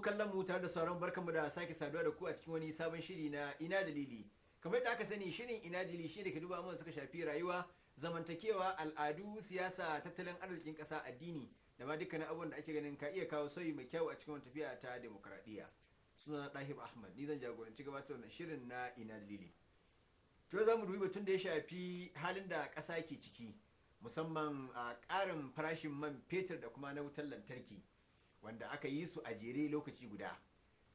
kallon mu tare da sauran barkanmu da sake saduwa da ku a cikin wani sabon shiri na ina dalili kamar yadda aka sani shirin ina dalili shi da ke duba mun suka shafi rayuwa zamantakewa al'adu siyasa tattalin arzikin kasa addini da ma dukkanin abubuwan da ake ganin ka iya kawo sauyi mai kyau a cikin wani tafiya ta demokradiyya suna dahib ahmad ni zan jagoranci gabatar da shirin na ina dalili to za mu dubi batun da ya shafi halin da kasa ke ciki musamman a ƙarin farashin man fetur da kuma na wutar lantarki wanda aka yi su a jere lokaci guda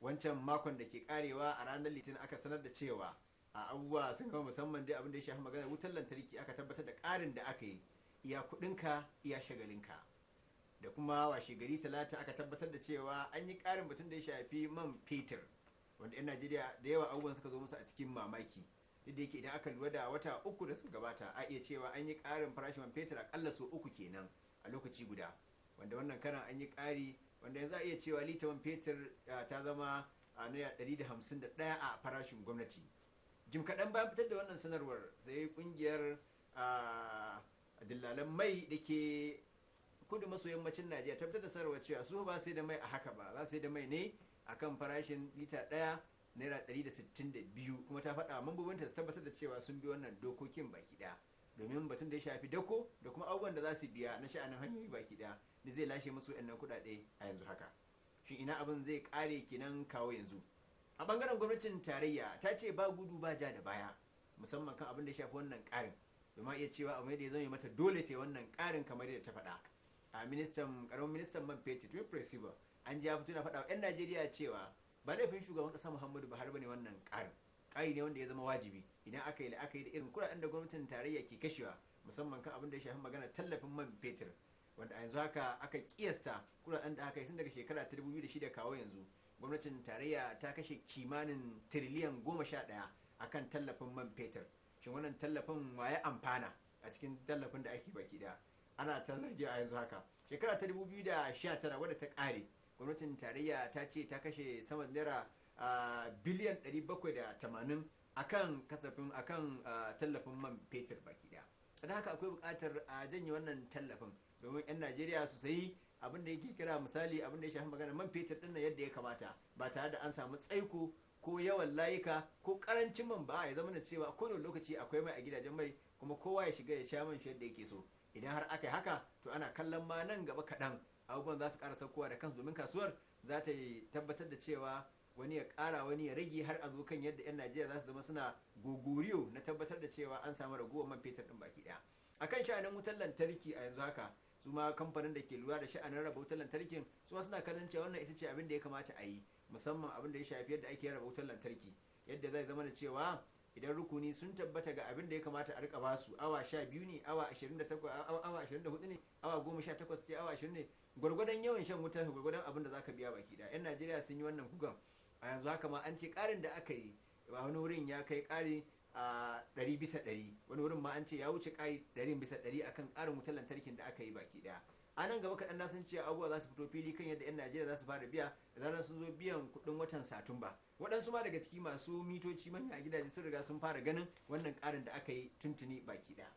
wancan makon da ke karewa a ranar litinin aka sanar da cewa a abubuwa sun kama musamman dai abin da ya shafi magana wutar lantarki aka tabbatar da karin da aka yi iya kudinka iya shagalinka da kuma washe gari talata aka tabbatar da cewa an yi karin batun da ya shafi man fetur wanda 'yan najeriya da yawa abubuwan suka zo musu a cikin mamaki duk yake idan aka lura da wata uku da suka gabata a iya cewa an yi karin farashin man fetur akalla so uku kenan a lokaci guda wanda wannan karan an yi kari wanda yanzu a iya cewa litawan fetur eh, ta zama a naira 151 a farashin gwamnati jim kaɗan bayan fitar da wannan sanarwar sai kungiyar dillalan mai da ke kudu maso yammacin najeriya tabbatar da sanarwar cewa su ba sai da mai a haka ba za sai da mai ne a kan farashin lita ɗaya naira 162 kuma ta faɗa mambobinta su tabbatar da cewa sun bi wannan dokokin baki ɗaya domin batun da ya shafi dako da kuma abubuwan da za su biya na sha'anin hanyoyi baki daya da zai lashe musu nan kuɗaɗe a yanzu haka shin ina abin zai kare nan kawo yanzu a bangaren gwamnatin tarayya ta ce ba gudu ba ja da baya musamman kan abin da ya shafi wannan ƙarin domin iya cewa abu ne da ya zama mata dole ta wannan karin kamar yadda ta faɗa a ministan karamin ministan man fetur tun presiba an ji ya fito na faɗa wa 'yan najeriya cewa ba laifin shugaban ƙasa muhammadu buhari ba ne wannan karin Ayi ne wanda ya zama wajibi idan aka yi la'akari da irin kudaden da gwamnatin tarayya ke kashewa musamman kan abin da ya shafi magana tallafin man fetur wanda a yanzu haka aka kiyasta kuɗaɗen da aka yi tun daga shekara ta dubu biyu da shida kawo yanzu gwamnatin tarayya ta kashe kimanin tiriliyan goma sha ɗaya akan tallafin man fetur shin wannan tallafin ya amfana a cikin tallafin da ake baki ɗaya ana ta zargi a yanzu haka shekara ta dubu biyu da sha tara, wadda ta ƙare gwamnatin tarayya ta ce ta kashe sama naira biliyan 780 akan kasafin akan tallafin man fetur baki daya da haka akwai bukatar a janye wannan tallafin domin 'yan najeriya su sayi abin da yake kira misali abin da ya shafi magana man fetur ɗin yadda ya kamata ba tare da an samu tsaiko ko yawan layuka ko karancin man ba ya zama na cewa kowane lokaci akwai mai a gidajen mai kuma kowa ya shiga ya sha man shi yadda yake so idan har aka yi haka to ana kallon ma nan gaba kaɗan abubuwan za su ƙara saukowa da kansu domin kasuwar za ta tabbatar da cewa wani ya ƙara wani ya rage har a zo kan yadda 'yan najeriya za su zama suna gogoriyo na tabbatar da cewa an samu raguwar man fetur din baki ɗaya kan sha'anin wutar lantarki a yanzu haka su ma kamfanin da ke lura da sha'anin raba wutar lantarkin su ma suna kallon cewa wannan ita ce abin da ya kamata a yi musamman abin da ya shafi yadda ake raba wutar lantarki yadda zai zama da cewa idan rukuni sun tabbata ga abin da ya kamata a rika basu awa sha biyu ne awa ashirin da takwas awa ashirin da hudu ne awa goma sha takwas ce awa ashirin ne gwargwadon yawan shan wutar gwargwadon abin da zaka biya baki da yan najeriya sun yi wannan kugan a yanzu haka ma an ce karin da aka yi ba wani wurin ya kai kari a ɗari bisa ɗari wani wurin ma an ce ya wuce kari ɗari bisa ɗari akan ƙarin wutar lantarkin da aka yi baki ɗaya a nan gaba kaɗan na sun ce abubuwa za su fito fili kan yadda 'yan najeriya za su fara biya da ranar sun zo biyan kuɗin watan satumba waɗansu ma daga ciki masu mitoci manya gidaje sun riga sun fara ganin wannan ƙarin da aka yi tuntuni baki ɗaya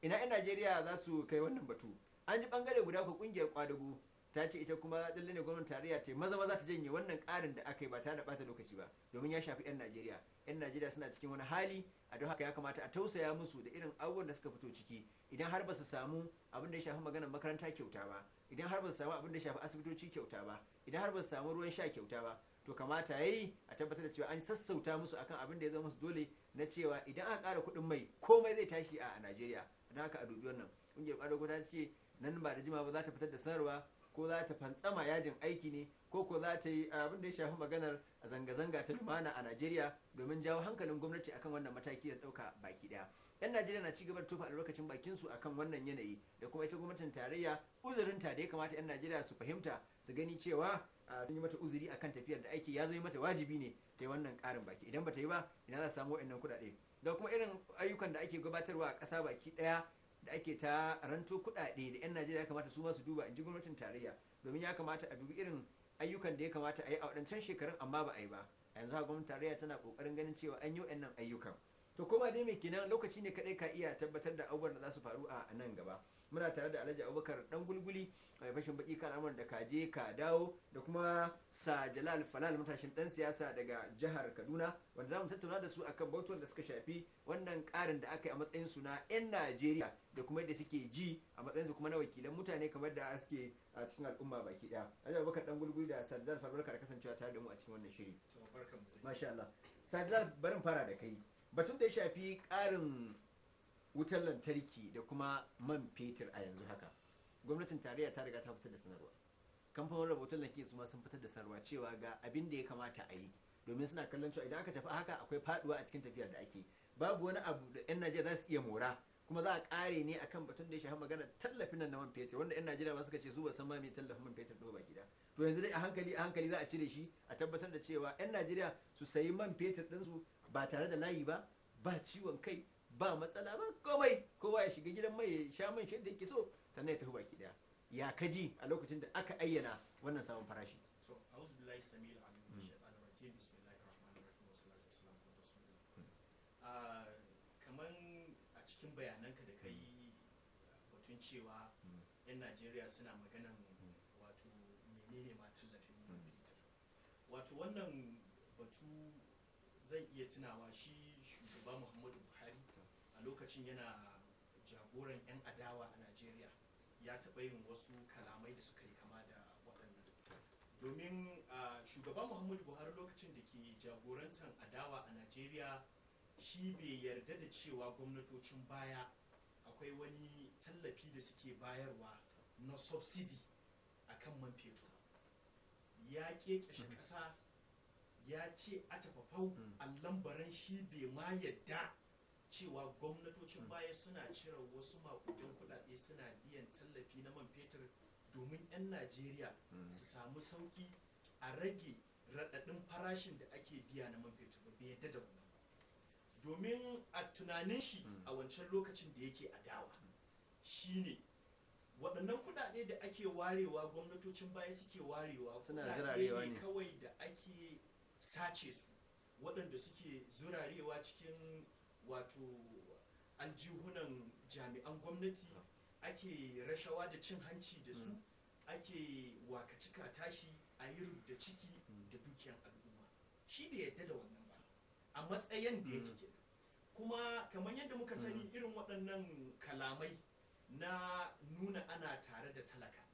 ina 'yan najeriya za su kai wannan batu an ji ɓangare guda ko ƙungiyar kwadago ta ce ita kuma lalle ne gwamnan tarayya ce maza maza ta janye wannan karin da aka yi ba tare da bata lokaci ba domin ya shafi 'yan Najeriya 'yan Najeriya suna cikin wani hali a don haka ya kamata a tausaya musu da irin abubuwan da suka fito ciki idan har ba su samu abin da ya shafi maganar makaranta kyauta ba idan har ba su samu abin da ya shafi asibitoci kyauta ba idan har ba su samu ruwan sha kyauta ba to kamata yi a tabbatar da cewa an sassauta musu akan abin da ya zama musu dole na cewa idan aka ƙara kuɗin mai komai zai tashi a Najeriya don haka a dubi wannan ƙungiyar ƙwadago ta ce nan ba da jima ba za ta fitar da sanarwa ko za ta fantsama yajin aiki ne ko ko za ta yi abin da ya shafi maganar zanga-zanga ta lumana a Najeriya domin jawo hankalin gwamnati akan wannan mataki da ɗauka baki ɗaya. 'Yan Najeriya na cigaba da tofa bakin bakinsu akan wannan yanayi da kuma ita gwamnatin tarayya uzurin ta da ya kamata 'yan Najeriya su fahimta su gani cewa sun yi mata uzuri akan tafiyar da aiki ya zai mata wajibi ne ta yi wannan karin baki idan ba ta yi ba ina za su samu wa'annan kuɗaɗe da kuma irin ayyukan da ake gabatarwa a ƙasa baki ɗaya da ake ta ranto kudade da 'yan najeriya ya kamata su masu duba in ji gwamnatin tarayya domin ya kamata a dubi irin ayyukan da ya kamata a yi a wadancan shekarun amma ba a yi ba yanzu ha gwamnatin tarayya tana kokarin ganin cewa an yi waɗannan ayyukan to koma dai mai kenan lokaci ne kadai ka iya tabbatar da abubuwan da za su faru a nan gaba muna tare da alhaji abubakar dan gulguli mai fashin baki kan al'amuran da ka je ka dawo da kuma sa jalal falal matashin dan siyasa daga jihar kaduna wanda za mu tattauna da su akan bautuwan da suka shafi wannan karin da aka yi a matsayin su na yan najeriya da kuma yadda suke ji a matsayin su kuma na wakilan mutane kamar da suke a cikin al'umma baki daya alhaji abubakar dan gulguli da sarjar farbarka da kasancewa tare da mu a cikin wannan shiri masha Allah barin fara da kai batun da ya shafi karin wutar lantarki da kuma man fetur a yanzu haka gwamnatin tarayya ta riga ta fitar da sanarwa kamfanin rahoton lantarki su ma sun fitar da sanarwa cewa ga abin da ya kamata a yi domin suna kallon cewa idan aka tafi haka akwai faduwa a cikin tafiyar da ake babu wani abu da yan najeriya za su iya mora kuma za a kare ne akan batun da ya shafi magana tallafin nan na man fetur wanda yan najeriya ba suka ce su ba san ma me tallafin man fetur ba gida to yanzu dai a hankali a hankali za a cire shi a tabbatar da cewa yan najeriya su sayi man fetur ɗinsu ba tare da layi ba ba ciwon kai ba matsala ba komai kowa ya shiga gidan mai ya sha man shadda yake so sannan ya tafi baki daya ya kaji a lokacin da aka ayyana wannan samun farashi so a'udhu billahi samil alim hmm. rajim bismillahir rahmanir rahim wassalatu wassalamu ala rasulillah hmm. ah, kaman a cikin bayananka da kai batun cewa hmm. yan Najeriya suna maganan wato menene ma tallafin wato wannan batu zan iya tunawa shi shugaba muhammadu buhari a lokacin yana jagoran 'yan adawa a najeriya ya taɓa yin wasu kalamai da suka yi kama da waɗannan domin shugaba muhammadu buhari lokacin da ke jagorantar adawa a najeriya shi bai yarda da cewa gwamnatocin baya akwai wani tallafi da suke bayarwa na subsidi akan kan man fetur ya shi hmm. ƙasa ya ce a tafafau hmm. a baran shi bai ma yadda cewa gwamnatocin hmm. baya suna cire wasu makudan kudade suna biyan tallafi na man fetur domin 'yan najeriya hmm. su samu sauki a rage raɗaɗin farashin da ake biya na man fetur bai yadda da wannan domin a tunanin shi a wancan lokacin da yake adawa shine waɗannan kuɗaɗe da ake warewa gwamnatocin baya suke warewa kuɗaɗe ne kawai da ake sace su waɗanda suke zurarewa cikin wato aljihunan jami'an gwamnati ake rashawa da cin hanci da su mm. ake wakacika tashi a yi da ciki mm. da dukiyan al'umma shi bai yadda da wannan ba a matsayin da yake mm. kenan kuma kamar yadda muka sani irin waɗannan kalamai na nuna ana tare da talaka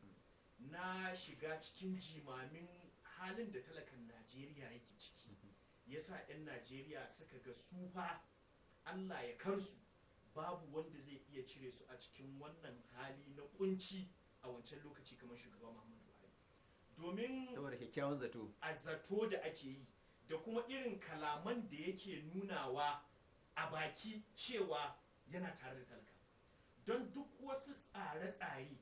na shiga cikin jimamin halin da talakan najeriya yake ciki yasa 'yan najeriya suka ga sufa allah ya karsu babu wanda zai iya cire su a cikin wannan hali na kunci a wancan lokaci kamar shugaba muhammadu buhari domin zato a zato da ake yi da kuma irin kalaman da yake nunawa a baki cewa yana tare da talaka don duk wasu tsare-tsare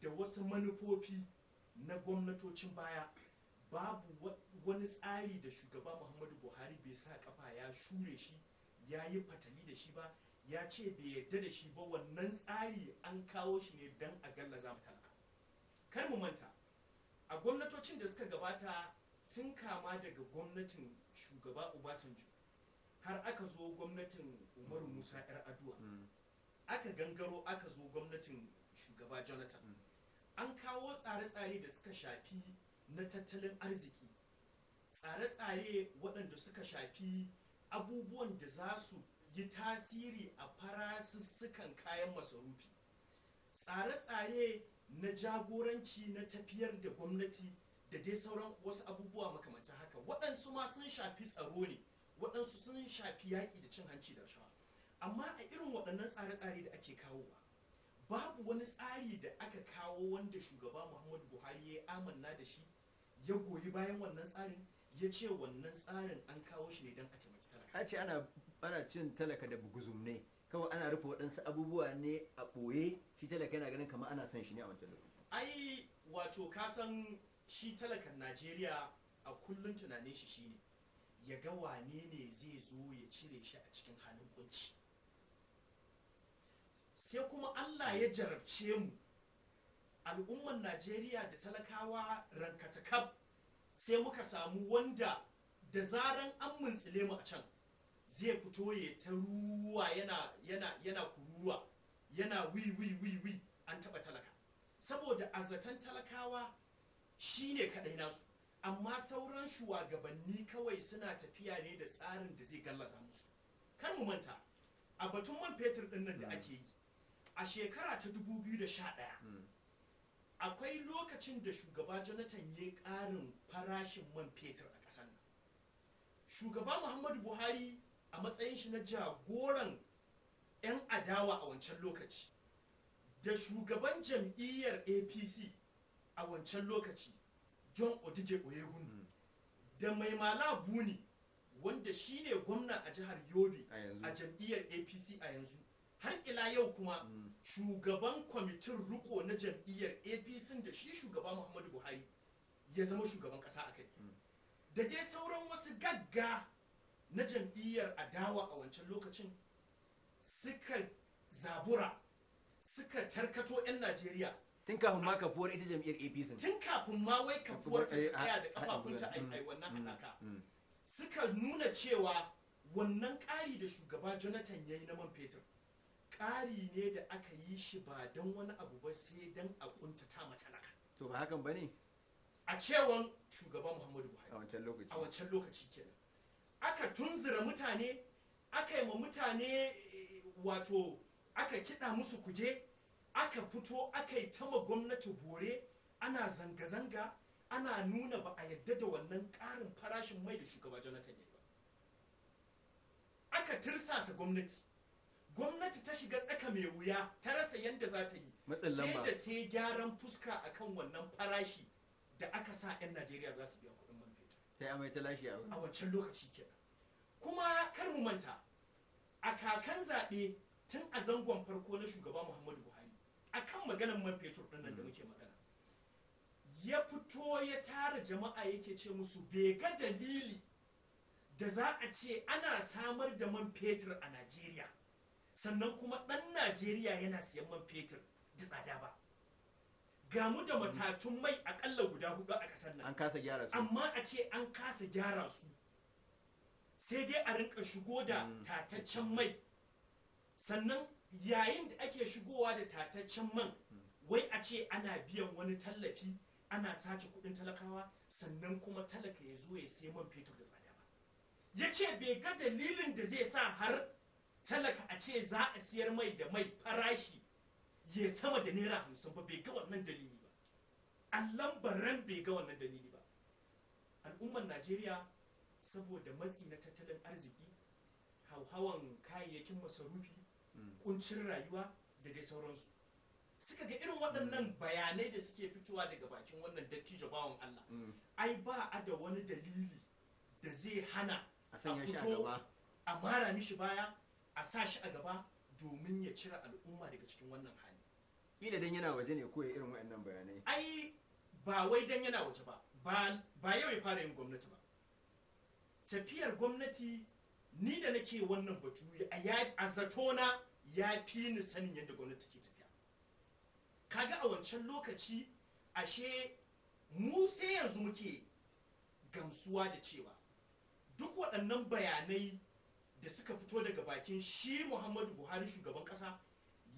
da wasu manufofi na gwamnatocin baya babu wani tsari da shugaba muhammadu buhari bai sa kafa ya shure shi ya yi fatali da shi ba ya ce bai yarda da shi ba wannan tsari an kawo shi ne don a gallaza mu kar mu manta a gwamnatocin da suka gabata tun kama daga gwamnatin shugaba obasanjo har aka zo gwamnatin umaru mm. musa yar Adua? Mm. aka gangaro aka zo gwamnatin shugaba jonathan mm. an kawo tsare-tsare da suka shafi na tattalin arziki tsare-tsare waɗanda suka shafi abubuwan da za su yi tasiri a farasussukan kayan masarufi tsare-tsare na jagoranci na tafiyar da gwamnati da dai sauran wasu abubuwa makamantan haka waɗansu ma sun shafi tsaro ne waɗansu sun shafi yaƙi da cin hanci da rashawa amma a irin waɗannan tsare-tsare da ake kawowa babu wani tsari da aka kawo wanda shugaba muhammadu buhari ya amanna da shi ya goyi bayan wannan tsarin ya ce wannan tsarin an kawo shi ne don a taimaki talaka. A ce ana cin talaka da buguzum ne kawai ana rufe waɗansu abubuwa ne a ɓoye shi talaka yana ganin kamar ana son shi ne a wancan lokaci. Ai wato kasan shi talakan Najeriya a kullum tunanin shi ne ya ga wane ne zai zo ya cire shi a cikin halin kunci. Sai kuma Allah ya jarabce mu al'ummar najeriya da talakawa rankatakaf sai muka samu wanda da zaran an muntsile mu a can zai fito ya ta ruwa yana yana yana kururuwa yana wi wi wi wi an taba talaka saboda azatan talakawa shine kadai nasu amma sauran shugabanni kawai suna tafiya ne da tsarin da zai gallaza musu kar mu manta a batun man fetur din da hmm. ake yi a shekara ta 2011 akwai lokacin da shugaba jonathan ya ƙarin farashin man fetur a ƙasar nan shugaba muhammadu buhari a matsayin shi na jagoran 'yan adawa a wancan lokaci da shugaban jam'iyyar apc a wancan lokaci john odige oyegun hmm. da mai mala buni wanda shine gwamna a jihar yobe a jam'iyyar apc a yanzu har ila yau kuma mm. shugaban kwamitin riko na jam'iyyar apc da shi shugaba muhammadu buhari ya zama shugaban kasa a kai mm. da dai sauran wasu gagga na jam'iyyar adawa a wancan lokacin suka zabura suka tarkato 'yan najeriya tun kafin ma kafuwar ita jam'iyyar apc tun kafin ma wai kafuwar ta tsaya da kafafunta a wannan mm, halaka suka nuna cewa wannan ƙari da shugaba jonathan ya yi na man fetur ƙari ne da aka yi shi ba don wani abu ba sai don a kuntata matalaka to ba hakan ba ne a cewan shugaban muhammadu buhari a wancan lokaci a wancan lokaci kenan aka tunzura mutane aka yi ma mutane eh, wato aka kiɗa musu kuje aka fito aka yi ta gwamnati bore ana zanga-zanga ana nuna ba a yadda da wannan ƙarin farashin mai da shugaba jonathan ya ba aka tirsasa gwamnati gwamnati ta shiga tsaka mai wuya ta rasa yadda za ta yi matsin lamba da ta gyaran fuska akan wannan farashi da aka sa 'yan najeriya za su biya kuɗin man fetur ta yi amai ta lashe a wancan lokaci kenan kuma kar mu manta a kakan zaɓe tun a zangon farko na shugaba muhammadu buhari akan maganar man fetur ɗin nan da muke mm. magana ya fito ya tara jama'a yake ce musu bai ga dalili da za a ce ana samar da man fetur a najeriya sannan kuma ɗan najeriya yana siyan man fetur da tsada ba gamu da matatun mai akalla guda hudu a ƙasar nan an kasa gyara su amma a ce an kasa gyara su sai dai a rinka shigo da mm. tataccen mai sannan yayin da ake shigowa da tataccen man mm. wai a ce ana biyan wani tallafi ana sace kuɗin talakawa sannan kuma talaka ya zo ya sai man fetur da tsada ba ya ce bai ga dalilin da zai sa har talaka a ce za a siyar mai da mai farashi ya sama da naira hamsin ba bai ga wannan dalili ba allan baran bai ga wannan dalili ba al'ummar najeriya saboda matsi na tattalin arziki hauhawan kayayyakin masarufi hmm. kuncin rayuwa da dai sauransu suka ga irin waɗannan hmm. bayanai da suke fitowa daga bakin wannan dattijo bawan Allah hmm. ai ba a da wani dalili da zai hana a fito a mara mishi baya a sa shi a gaba domin ya cire al'umma daga cikin wannan hali Ina dan yana waje ne ko ya irin waɗannan bayanai ai ba wai dan yana waje ba ba yau ya fara yin gwamnati ba tafiyar gwamnati ni da nake wannan batu a na ya fi ni sanin yadda gwamnati ke tafiya kaga a wancan lokaci ashe mu sai yanzu muke gamsuwa da cewa duk waɗannan bayanai da suka fito daga bakin shi muhammadu buhari shugaban kasa.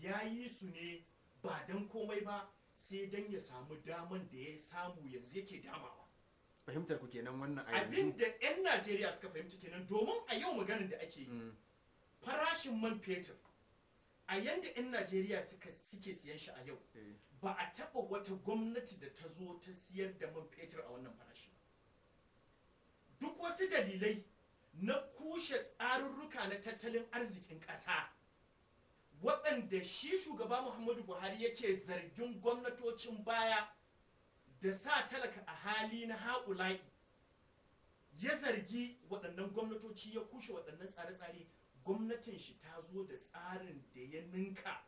ya yi su ne ba don komai ba sai don ya samu daman da ya samu yanzu yake damawa fahimtar ku kenan wannan a abin da 'yan najeriya suka fahimci kenan domin a yau maganin da ake yi mm. farashin man fetur a yanda 'yan najeriya suke siyan shi a yau eh. ba a taɓa wata gwamnati da ta zo ta siyar da man fetur a wannan farashi duk wasu dalilai na kushe tsarurruka na tattalin arzikin ƙasa waɗanda shi shugaba muhammadu buhari yake zargin gwamnatocin baya da sa talaka a hali na haƙula'i ya zargi waɗannan gwamnatoci ya kushe waɗannan tsare-tsare gwamnatin shi ta zo da tsarin da ya ninka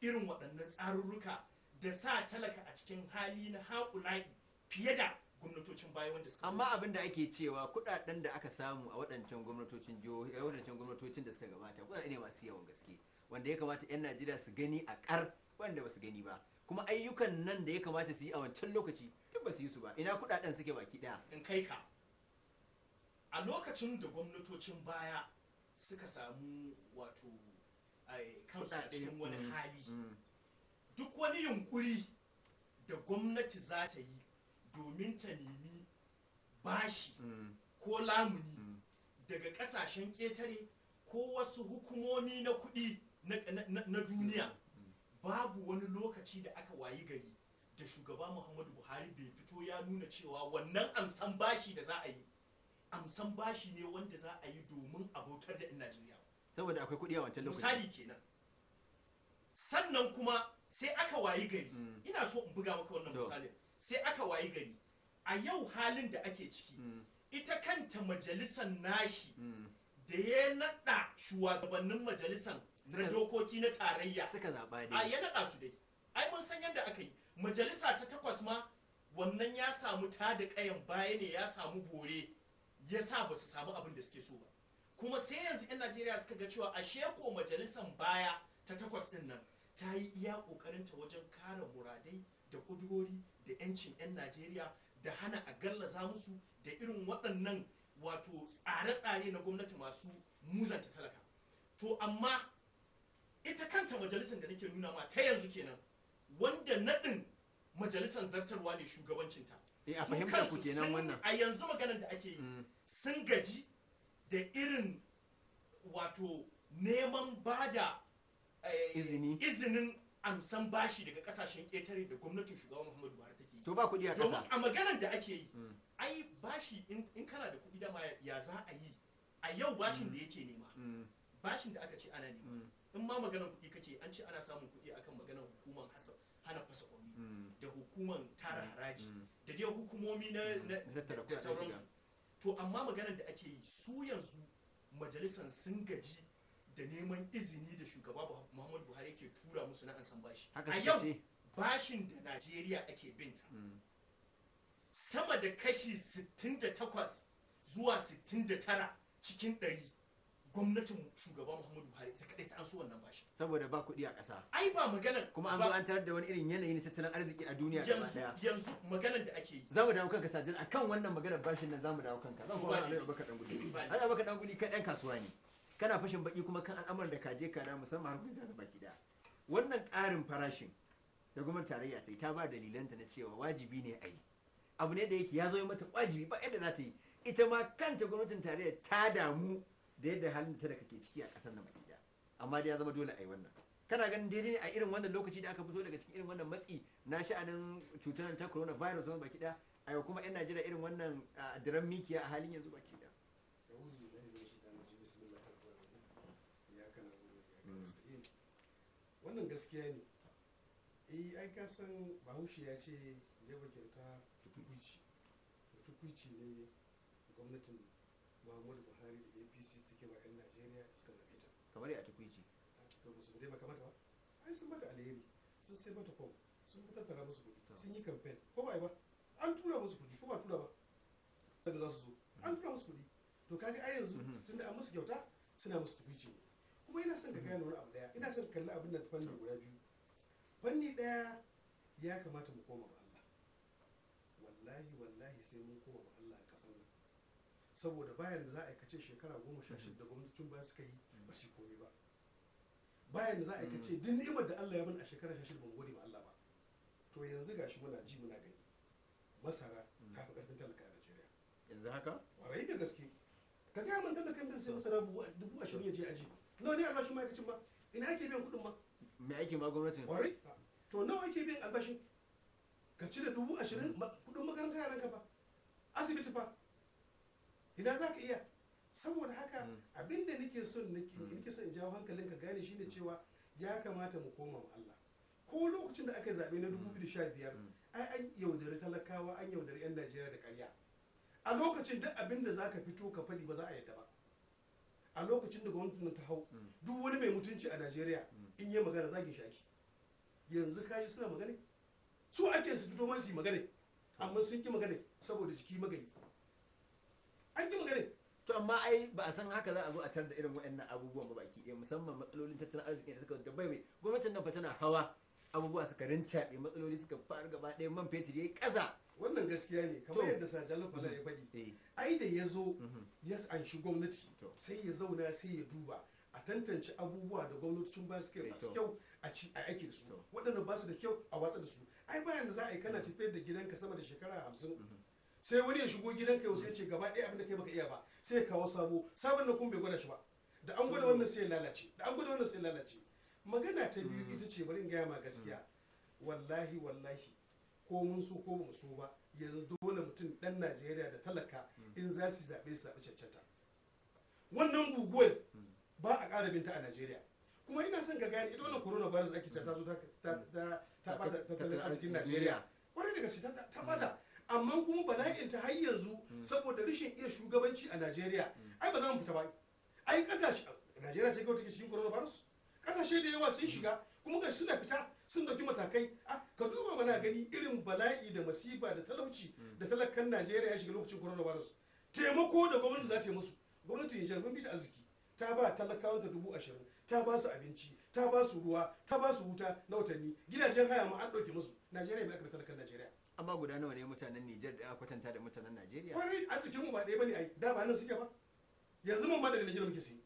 irin waɗannan tsarurruka da sa talaka a cikin hali na haƙula'i fiye da gwamnatocin baya wanda suka amma abin da ake cewa kudaden da aka samu a waɗancan gwamnatocin jihohi a waɗancan gwamnatocin da suka gabata kudaden ne masu yawan gaske wanda ya kamata 'yan Najeriya su gani a ƙar wanda ba su gani ba kuma ayyukan nan da ya kamata su yi a wancan lokaci duk ba su yi su ba ina kudaden suke baki daya in kai ka a lokacin da gwamnatocin baya suka samu wato kansu a wani mm, hali mm. duk wani yunkuri da gwamnati za ta yi domin ta nemi bashi mm. ko lamuni mm. daga kasashen ƙetare ko wasu hukumomi na kuɗi na duniya mm. babu wani lokaci da aka wayi gari da shugaba muhammadu buhari bai fito ya nuna cewa wannan amsan bashi da za a yi amsan bashi ne wanda za a yi domin abotar da najeriya saboda akwai kuɗi a wancan lokaci misali kenan sannan kuma sai aka wayi gari ina so in buga maka wannan misalin sai aka wayi gari a yau halin da ake ciki hmm. ita kanta majalisar nashi hmm. da ya naɗa shugabannin majalisar na dokoki na tarayya suka zaɓa dai ya naɗa su dai ai mun san yadda aka yi majalisa ta takwas ma wannan ya samu ta da ƙayan baya ne ya samu bore ya sa ba su samu abin da suke so ba kuma sai yanzu 'yan najeriya suka ga cewa ashe ko majalisar baya ta takwas ɗin nan ta yi iya ƙoƙarinta wajen kare muradai da ƙudurori da 'yancin 'yan najeriya da hana a gallaza musu da irin waɗannan wato tsare-tsare na gwamnati masu muzanta talaka to amma ita kanta majalisar da nake nuna ma ta yanzu kenan wanda naɗin majalisar zartarwa ne shugabancinta eh, a fahimtar ku kenan wannan a yanzu maganar da ake yi mm. sun gaji da irin wato neman bada eh, izinin an san bashi daga kasashen ƙetare da gwamnatin shugaba muhammadu buhari take yi to ba kuɗi a ƙasa a maganar da ake yi hmm. ai bashi in kana da kuɗi dama ya za a yi a yau bashin da hmm. yake nema hmm. bashin da aka ce ana nema in ma maganar kuɗi kake an ce ana samun kuɗi akan maganar hukumar hasab hana fasa kwami da hukumar tara haraji da dai hukumomi na sauransu to amma maganar da ake yi su yanzu majalisar sun gaji da neman izini da shugaba tura musu na an san bashi a yau bashin da najeriya ake binta mm. sama da kashi 68 zuwa 69 cikin 100 gwamnatin shugaba muhammadu buhari ta kadai ta an so wannan bashin saboda ba kuɗi a ƙasa ai ba maganar kuma an zo an tarar da wani irin yanayi na tattalin arziki a duniya gaba daya yanzu maganar da ake yi zamu dawo kanka a akan wannan maganar bashin nan zamu dawo kanka zan kuma Allah baka dan gudu Allah baka dan gudi kai dan kasuwa ne kana fashin baki kuma kan al'amuran da kaje kana musamman harkokin zaka baki daya wannan ƙarin farashin da gwamnati tarayya ta yi ta ba dalilanta na cewa wajibi ne a yi abu ne da yake ya zo mata wajibi ba yadda za ta yi ita ma kanta gwamnatin tarayya ta damu da yadda halin da ke ciki a ƙasar nan baki amma dai ya zama dole a yi wannan kana ganin daidai ne a irin wannan lokaci da aka fito daga cikin irin wannan matsi na sha'anin cutar ta coronavirus wani baki ɗaya a yau kuma 'yan najeriya irin wannan ah, diran mikiya a halin yanzu baki wannan gaskiya ne eh ai ka san bahaushe ya ce da kyauta tukuici tukuici ne gwamnatin muhammadu buhari da apc take ba 'yan najeriya suka zaɓe ta kamar ya tukuici to ba su dai ba kamata ba ai sun mata alheri sun sai mata fom sun tattara musu kuɗi sun yi kamfen ko ba ba an tura musu kuɗi ko ba tura ba daga za su zo an mm-hmm. tura musu kuɗi to kaga ai yanzu mm-hmm. tunda an musu kyauta suna musu tukuici ne kuma ina son ka gane wani abu daya ina son kalli abin da fanni guda biyu fanni daya ya kamata mu koma ba Allah wallahi wallahi sai mun koma ba Allah a kasan nan saboda bayan da za a aikace shekara goma sha shida da gwamnatin ba suka yi ba su komai ba bayan da za a aikace mm. duk ni'imar da Allah ya bani a shekara sha shida ban gode ba Allah ba to yanzu gashi muna ji muna gani masara ta fi karfin talaka a Najeriya yanzu haka warai da gaske ka ga mun kan da sai masara dubu ashirin ya je aji nawa ne albashin ma'aikacin ba? ina ake biyan kuɗin ma me ake ma gwamnatin ƙwarai to nawa ake biyan albashin ka cire dubu ashirin kuɗin makaranta yaran ka ba. asibiti fa ina za ka iya saboda haka mm. abinda nake son nake mm. son jawo hankalin ka gane shine cewa ya kamata mu koma wa Allah ko lokacin da aka zaɓe na 2015 mm. ai an yaudari talakawa an yaudari 'yan Najeriya da ƙarya a lokacin duk abin da za ka fito ka faɗi ba za a yadda ba a lokacin da gwamnatin ta hau duk wani mai mutunci a najeriya in yi magana zagin shaki yanzu kashi suna magana su ake su fito man su magana amma sun ki magana saboda jiki magani an ki magana to amma ai ba a san haka za a zo a tar da irin waɗannan abubuwan ba baki ɗaya musamman matsalolin tattalin arziki da suka gaba mai gwamnatin nan fa tana hawa abubuwa suka rincaɓe matsaloli suka faru gaba ɗaya man fetur ya yi ƙasa wannan gaskiya ne kamar yadda sajalin fala ya mm-hmm. faɗi eh. ai da ya zo mm-hmm. ya anshi gwamnati sai ya zauna sai ya duba a tantance abubuwa da gwamnatocin ba su ke eh, masu kyau a aiki da su waɗanda ba su da kyau a watsa da su ai bayan da za a yi kana mm-hmm. tafiyar da gidanka sama da shekara hamsin sai wani ya shigo gidanka yau sai ce gaba ɗaya abin da kai baka iya ba sai ya kawo sabo sabon da kuma bai gwada shi ba da an gwada wannan sai ya lalace da an gwada wannan sai ya lalace magana ta biyu ita ce bari in gaya ma gaskiya wallahi wallahi ko mun so ko ba mu so ba yanzu dole mutum dan najeriya da talaka hmm. in za su zaɓe su zaɓi cancanta wannan guguwar ba a ƙara binta a najeriya kuma ina son ga gani dole corona virus ake ta zo ta ta tattalin arzikin najeriya kwarai daga shi ta bata amma kuma bala'in ta har yanzu hmm. saboda rashin iya shugabanci a najeriya hmm. ai ba za mu fita ba ai kasashe najeriya ce kawai take shi corona virus kasashe da yawa sun shiga kuma ga suna fita sun dauki matakai a ah, ka duba mana gani irin bala'i da masifa da talauci hmm. da talakan najeriya ya shiga lokacin coronavirus taimako da gwamnati za ta yi musu gwamnati ya jarfin bita arziki ta ba talakawa ta dubu ashirin ta ba su abinci ta ba su ruwa ta ba su wuta na watanni gidajen haya ma an ɗauke musu najeriya bai aka talakan najeriya amma guda nawa ne mutanen nijar da aka kwatanta da mutanen najeriya kwarai arzikin mu ba ɗaya ba ne, ai da ba nan suke ba yanzu mun ba daga najeriya muke sayi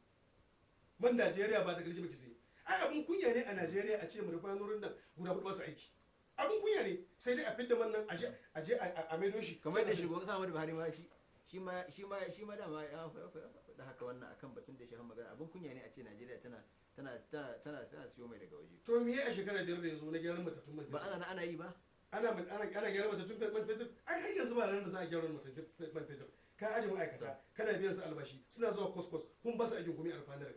man najeriya ba daga najeriya muke sayi ai abin kunya ne a Najeriya a ce murfanorin nan guda hudu masu aiki abin kunya ne sai dai a fidda wannan aje aje a maido shi kamar da shugaban kasa Muhammadu Buhari ma shi shi ma shi ma da ma dama ya faɗa haka wannan akan batun da shi magana abin kunya ne a ce Najeriya tana tana tana tana siyo mai daga waje to me a shekara da yanzu na gyaran matattun mai ba ana ana yi ba ana ana ana gyaran matattun man fetur ai har yanzu ba ranar da za a gyara matattun man fetur ka aje ma'aikata kana biyan su albashi suna zuwa kos kun ba su aikin kuma alfanar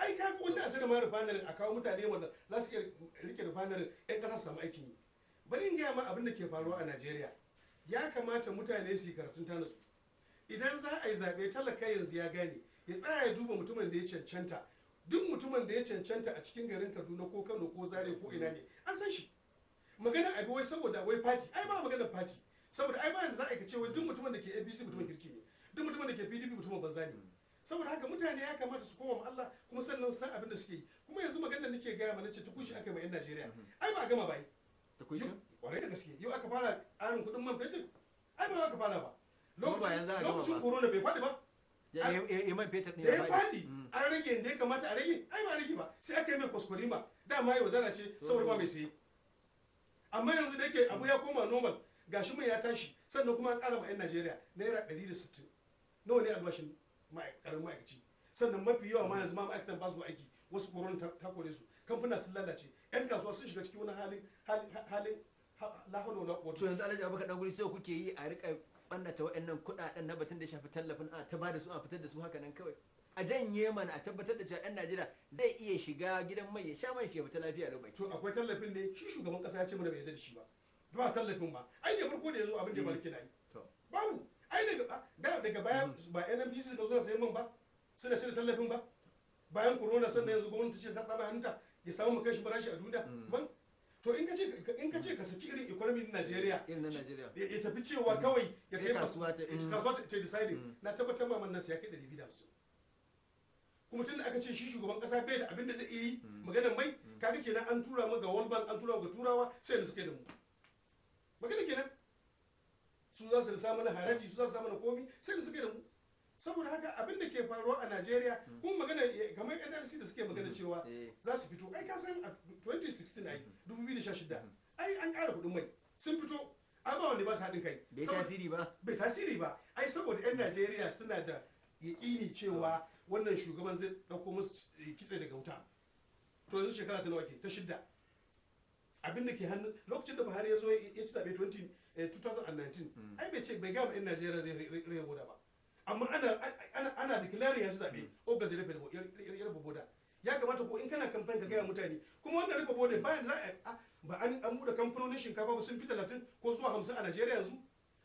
ai ta kunna a ma rufanarin a kawo mutane wanda za su iya rike rufanarin yan kasa su samu aikin yi bari in gaya ma abin da ke faruwa a najeriya ya kamata mutane su yi karatun ta nasu idan za a yi zaɓe talaka yanzu ya gane ya tsaya ya duba mutumin da ya cancanta duk mutumin da ya cancanta a cikin garin kaduna ko kano ko zare ko ina ne an san shi magana abi wai saboda wai fati ai ba magana fati saboda ai ba yanzu za a ce wai duk mutumin da ke abc mutumin kirki ne duk mutumin da ke pdp mutumin banza ne saboda haka mutane ya kamata su koma Allah kuma sannan san abin da suke yi kuma yanzu magana nake gaya mana ce tukushi aka mai yan Najeriya mm-hmm. ai ba gama bai tukushi kwarai da gaske yau aka fara arin kuɗin man fetur ai ba aka fara ba lokacin corona bai faɗi ba ya man fetur ne ya faɗi mm. an rage inda ya kamata a rage ai ba rage ba sai aka yi mai kuskure ma dama yau dana ce saboda ba mai sayi amma yanzu da yake abu ya koma normal gashi mai ya tashi sannan kuma an ƙara ma 'yan Najeriya naira 160 nawa ne albashin karamin ma'aikaci sannan mafi yawa ma yanzu ma ma'aikatan ba su aiki wasu koron ta kore su kamfuna sun lalace yan kasuwa sun shiga cikin wani halin halin lahaula wala quwwata yanzu alhaji abubakar dan guri sai kuke yi a rika bannata waɗannan kuɗaɗen na batun da shafi tallafin a ta bada su a fitar da su haka nan kawai a janye mana a tabbatar da cewa ɗan Najeriya zai iya shiga gidan mai ya sha man shi ya fita lafiya da bai. To akwai tallafin ne shi shugaban kasa ya ce mana bai yarda da shi ba. Ba tallafin ba. Ai da farko da yazo abin da barki na yi. Babu daga daga baya mm-hmm. ba NMDC suka zo sayan man ba suna cire tallafin ba bayan corona sannan yanzu gwamnati ce ta tsaba hanta ya samu mu kai shi barashi a duniya mm. man to in ka ce in ka ce ka saki irin economy na Najeriya mm. irin na Najeriya ya tafi cewa kawai ya mm. kai kasuwa ta kasuwa ta decide na tabbatar ma man nan sai ya kai 250 kuma tun da aka ce shi shugaban kasa bai da abin da zai yi maganar mai kaga kenan an tura mu ga World Bank an tura mu ga turawa sai da suke da mu magana kenan su za su samu na haraji su za su samu na komi sai da suke da mu saboda haka abin da ke faruwa a Najeriya hmm. kuma magana kamar NRC da suke magana hmm. cewa eh. za su fito ai ka san a 2016 2016 hmm. ai an kara kuɗin mai sun fito amma wanda ba su haɗin kai bai tasiri ba bai tasiri ba ai saboda 'yan Najeriya suna da yaƙini cewa wannan shugaban zai ɗauko musu eh, kitse daga wuta to yanzu shekara ta nawa ke ta shidda abin da ke hannu lokacin da Buhari ya zo ya ci zaɓe 2019 ai bai ce bai gama in najeriya zai rage boda ba amma ana da declaring yanzu zaɓe o ga rufe boda ya kamata ko in kana kamfani ka gaya mutane kuma wannan rufe boda bayan za a ba an an buɗe kamfanonin shinkafa ba sun fi 30 ko zuwa hamsin a najeriya yanzu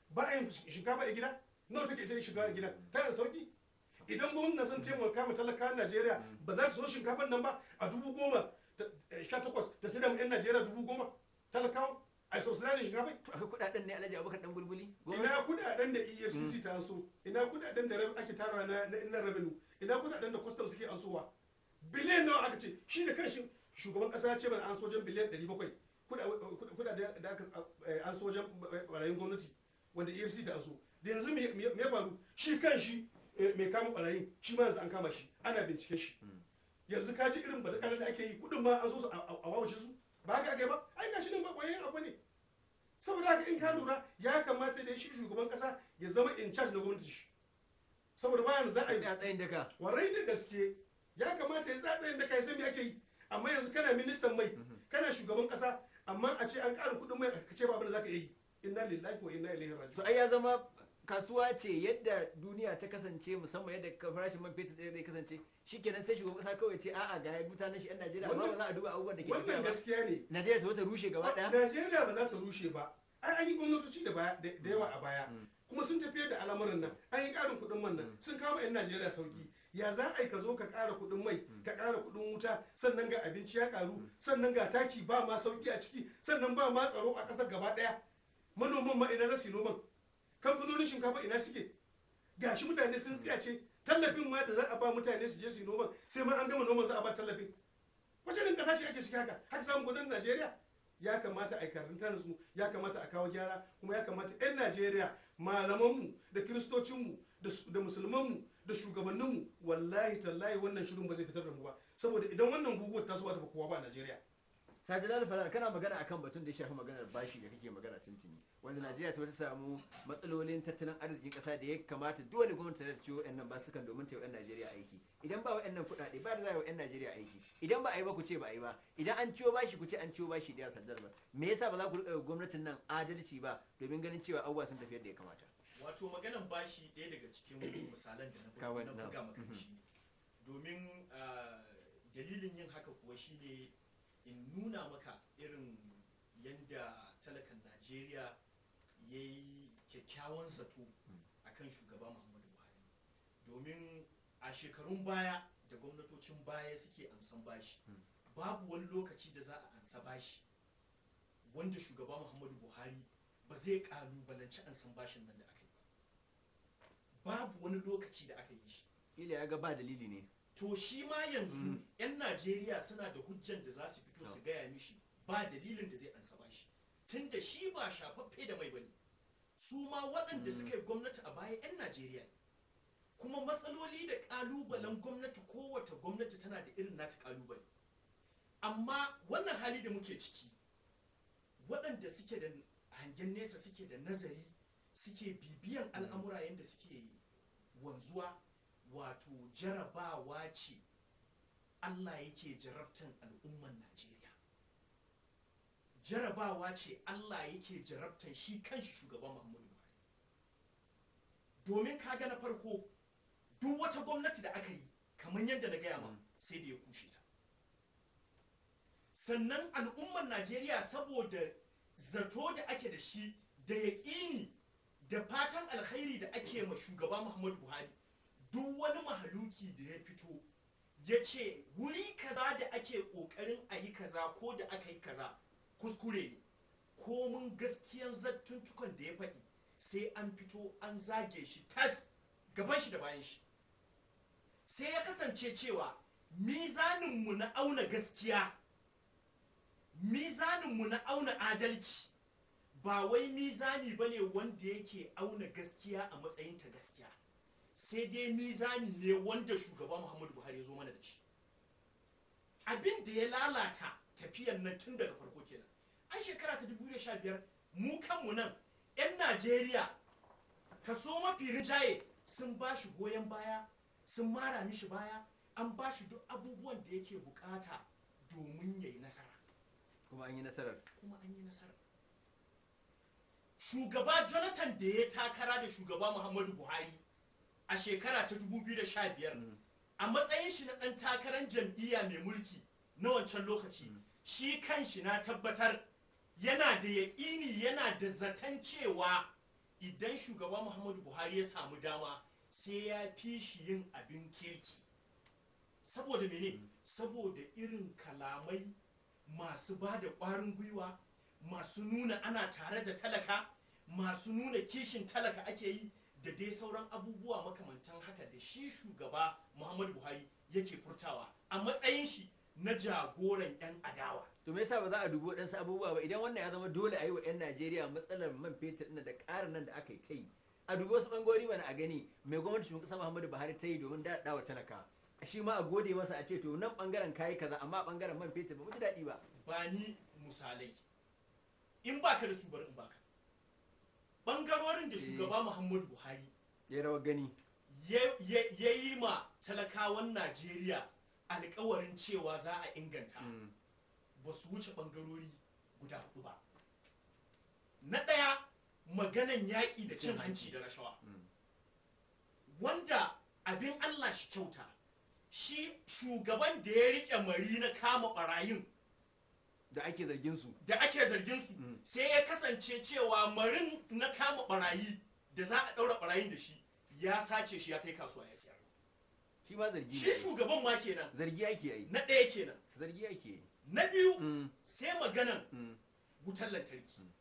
ba a yin shinkafa a gida nawa take ita shinkafa a gida ta da sauki idan gwamnati sun taimaka ma a najeriya ba za ta zo shinkafan nan ba a dubu goma sha takwas ta sai da 'yan najeriya dubu goma talakawa a sosai da shiga bai akwai kudaden ne alhaji abubakar dan bulbuli ina kudaden da efcc ta so ina kudaden da ake tara na na revenue ina kudaden da custom suke ansowa biliyan nawa aka ce shi da kanshi shugaban kasa ce mana an sojan biliyan 700 kudaden da aka eh, an sojan barayin gwamnati wanda efcc ta so da yanzu me ya faru shi kanshi eh, mai kama barayin shi ma yanzu an kama shi ana bincike shi hmm. yanzu ka ji irin ba da ake yi kudin ma an so su a wawace su ba haka ake ba ai gashi nan ba kwayoyin abu ne saboda haka in ka lura ya kamata da shi shugaban kasa ya zama in charge na gwamnati shi saboda yanzu za a yi tsayin daka warai da gaske ya kamata ya tsaya tsayin daka ya san me ake yi amma yanzu kana ministan mai mhm. kana shugaban kasa amma a ce an ƙara kuɗin mai a ce ba abin da zaka yi inna lillahi wa inna ilaihi raji'un to ai ya zama kasuwa ce yadda duniya ta kasance musamman yadda farashin man fetur ɗaya zai kasance shikenan sai shugaban kasa kawai ce a'a ga mutanen shi yan Najeriya amma ba za a duba abubuwan da ke tafiya ba wannan gaskiya ne Najeriya ta wata rushe gaba ɗaya Najeriya ba za ta rushe ba an yi gwamnatoci da yawa a baya mm. kuma sun tafiyar da al'amuran nan an yi ƙarin kuɗin man nan mm. sun kama 'yan najeriya sauki ya za a yi ka zo ka ƙara kuɗin mai mm. ka ƙara kuɗin wuta sannan ga abinci ya ƙaru sannan ga taki ba ma sauki a ciki sannan ba ma tsaro a ƙasar gaba ɗaya manoman ma idan rasi noman kamfanonin shinkafa ina suke gashi mutane sun ce. tallafin ma da za a ba mutane su je su noman sai ma an gama noman za a ba tallafin wace ne kasa ake shiga haka har samu gudan najeriya ya kamata a karanta su ya kamata a kawo gyara kuma ya kamata 'yan najeriya malamanmu da kiristocinmu da musulmanmu da shugabanninmu wallahi tallahi wannan shirin ba zai fitar da mu ba saboda idan wannan guguwar ta zo ta kowa ba a najeriya sajidar falal kana magana akan batun da ya shafi maganar bashi da kake magana tuntuni wanda najeriya ta samu matsalolin tattalin arzikin kasa da ya kamata dole gwamnati ta ciwo yan nan basukan domin ta yi yan najeriya aiki idan ba wa'yan nan kuɗaɗe ba da za a yi najeriya aiki idan ba a yi ba ku ce ba a yi ba idan an ciwo bashi ku ce an ciwo bashi da ya sadar ba me yasa ba za ku riƙa gwamnatin nan adalci ba domin ganin cewa abubuwa sun tafi yadda ya kamata. wato maganan bashi ɗaya daga cikin misalan da na buga maka shi domin ah, dalilin yin haka kuwa shine in nuna maka irin yadda talakan najeriya ya yi kyakkyawan zato hmm. a kan shugaba muhammadu buhari domin a shekarun baya da gwamnatocin baya suke amsan bashi hmm. babu wani lokaci da za a ansa bashi wanda shugaba muhammadu buhari ba zai kalubalanci ansan bashin nan da aka yi babu wani lokaci da aka yi shi ila ya ga ba dalili ne to shi ma yanzu mm. yan najeriya suna da hujjan da za su fito su gaya mishi ba dalilin da zai ansa ba shi da shi ba shafaffe da mai bane su ma waɗanda mm. suka yi gwamnati a baya yan najeriya ne kuma matsaloli da ƙalubalen gwamnati kowace gwamnati tana da irin nata ƙalubale amma wannan hali da muke ciki waɗanda suke da hangen nesa suke da nazari suke bibiyan mm. al'amura yadda suke wanzuwa wato jarabawa ce Allah yake jarabtan al'umman Najeriya jarabawa ce Allah yake jarabtan shi kanshi shugaban Muhammadu Buhari domin kaga na farko duk wata gwamnati da aka yi kamar yadda na gaya ma mm. sai da ya kushe ta sannan al'umman Najeriya saboda zato da ake da shi da yaƙini da fatan alkhairi da ake ma shugaba Muhammadu Buhari duk wani mahaluki da ya fito ya ce wuri kaza da ake ƙoƙarin a yi kaza ko da aka yi kaza kuskure ne mun gaskiyan zattuntukan da ya faɗi sai an fito an zage shi tas gaban shi da bayan shi sai ya kasance cewa mizaninmu na auna gaskiya mizaninmu na auna adalci ba wai mizani bane wanda yake auna gaskiya a matsayinta gaskiya sai dai mizani ne wanda shugaba muhammadu buhari ya zo mana da shi abin da ya lalata tafiyan nan tun daga farko kenan an shekara ta 2015 mu kanmu nan 'yan najeriya kaso mafi rinjaye sun ba shi goyon baya sun mara mishi baya an ba shi duk abubuwan da yake bukata domin ya yi nasara kuma an yi nasarar kuma an yi nasarar shugaba jonathan da ya takara da shugaba muhammadu buhari a shekara ta 2015 mm. a matsayin shi na ɗan takarar jam'iyya mai mulki na wancan lokaci mm. shi kan shi na tabbatar yana da yaƙini yana da zaton cewa idan shugaba muhammadu buhari ya samu dama sai ya fi shi yin abin kirki saboda mene mm. saboda irin kalamai masu ba da ƙwarin gwiwa masu nuna ana tare da talaka masu nuna kishin talaka ake yi da dai sauran abubuwa makamantan haka da shi shugaba muhammadu buhari yake furtawa a matsayin shi na jagoran 'yan adawa to me yasa ba za a dubi waɗansu abubuwa ba idan wannan ya zama dole a yi wa 'yan najeriya matsalar man fetur ɗin da ƙarin nan da aka yi ta yi a dubi wasu ɓangarori mana a gani mai gwamnati shugaban ƙasa muhammadu buhari ta yi domin wa talaka shi ma a gode masa a ce to nan ɓangaren kayi kaza amma ɓangaren man fetur ba mu ji daɗi ba ba ni misalai in baka da su bari in baka bangarorin da eh. shugaba muhammadu buhari ya rawa gani ya yi ma talakawan najeriya alkawarin cewa za a inganta hmm. ba su wuce bangarori guda hudu ba na ɗaya maganan yaƙi da cin hanci da rashawa hmm. wanda abin allah shi kyauta shi shugaban da ya riƙe mari na kama ɓarayin da ake zargin su da ake zargin su mm. sai ya kasance cewa marin na kama barayi da za a daura barayin da shi ya sace shi ya kai kasuwa ya sayar shi ba zargi shi shugaban ma kenan zargi ake yi na ɗaya kenan zargi ake yi na biyu mm. sai maganan mm. wutar lantarki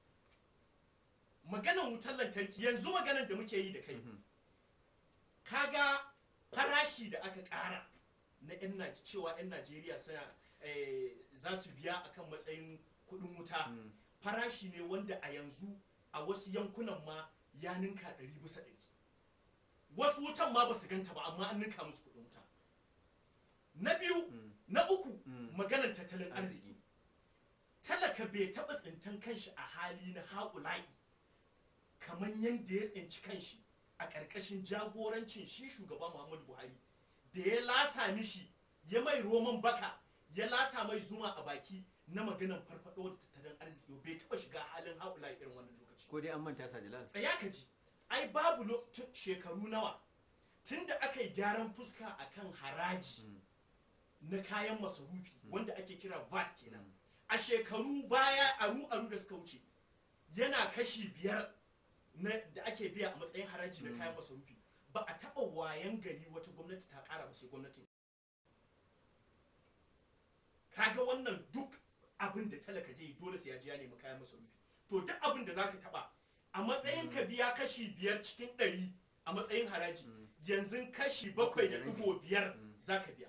maganan wutar lantarki yanzu maganan da muke yi da kai mm-hmm. kaga farashi da aka ƙara na 'yan cewa 'yan najeriya suna eh, za su biya kan matsayin kuɗin wuta mm. farashi ne wanda a yanzu a wasu yankunan ma ya ninka ɗari bisa ɗari wasu wutan ma ba su ganta ba amma an ninka musu kuɗin wuta na biyu mm. na uku mm. maganar tattalin arziki talaka bai taɓa tsintan kanshi a hali na haƙula'i kamar yadda ya tsinci kanshi a ƙarƙashin jagorancin shi shugaba muhammadu buhari da ya lasa mishi ya mai roman baka ya lasa mai zuma a baki na maganan farfaɗo da tattalin arziki bai taba shiga halin haƙula irin wannan lokaci ko dai an manta sa sajilan tsaya ka ji ai babu lokacin shekaru nawa tunda aka yi gyaran fuska akan haraji mm. na kayan masarufi mm. wanda ake kira VAT kenan mm. a shekaru baya aru aru da suka wuce yana kashi biyar da ake biya a matsayin haraji na kayan masarufi ba a taɓa wayan gari wata gwamnati ta ƙara ba sai gwamnatin kaga wannan duk abin da talaka zai yi dole sai ya je ya nemi kayan masarufi to duk abin da zaka taba a matsayin ka hmm. biya kashi biyar cikin ɗari a matsayin haraji hmm. yanzu kashi bakwai da dubu biyar hmm. zaka biya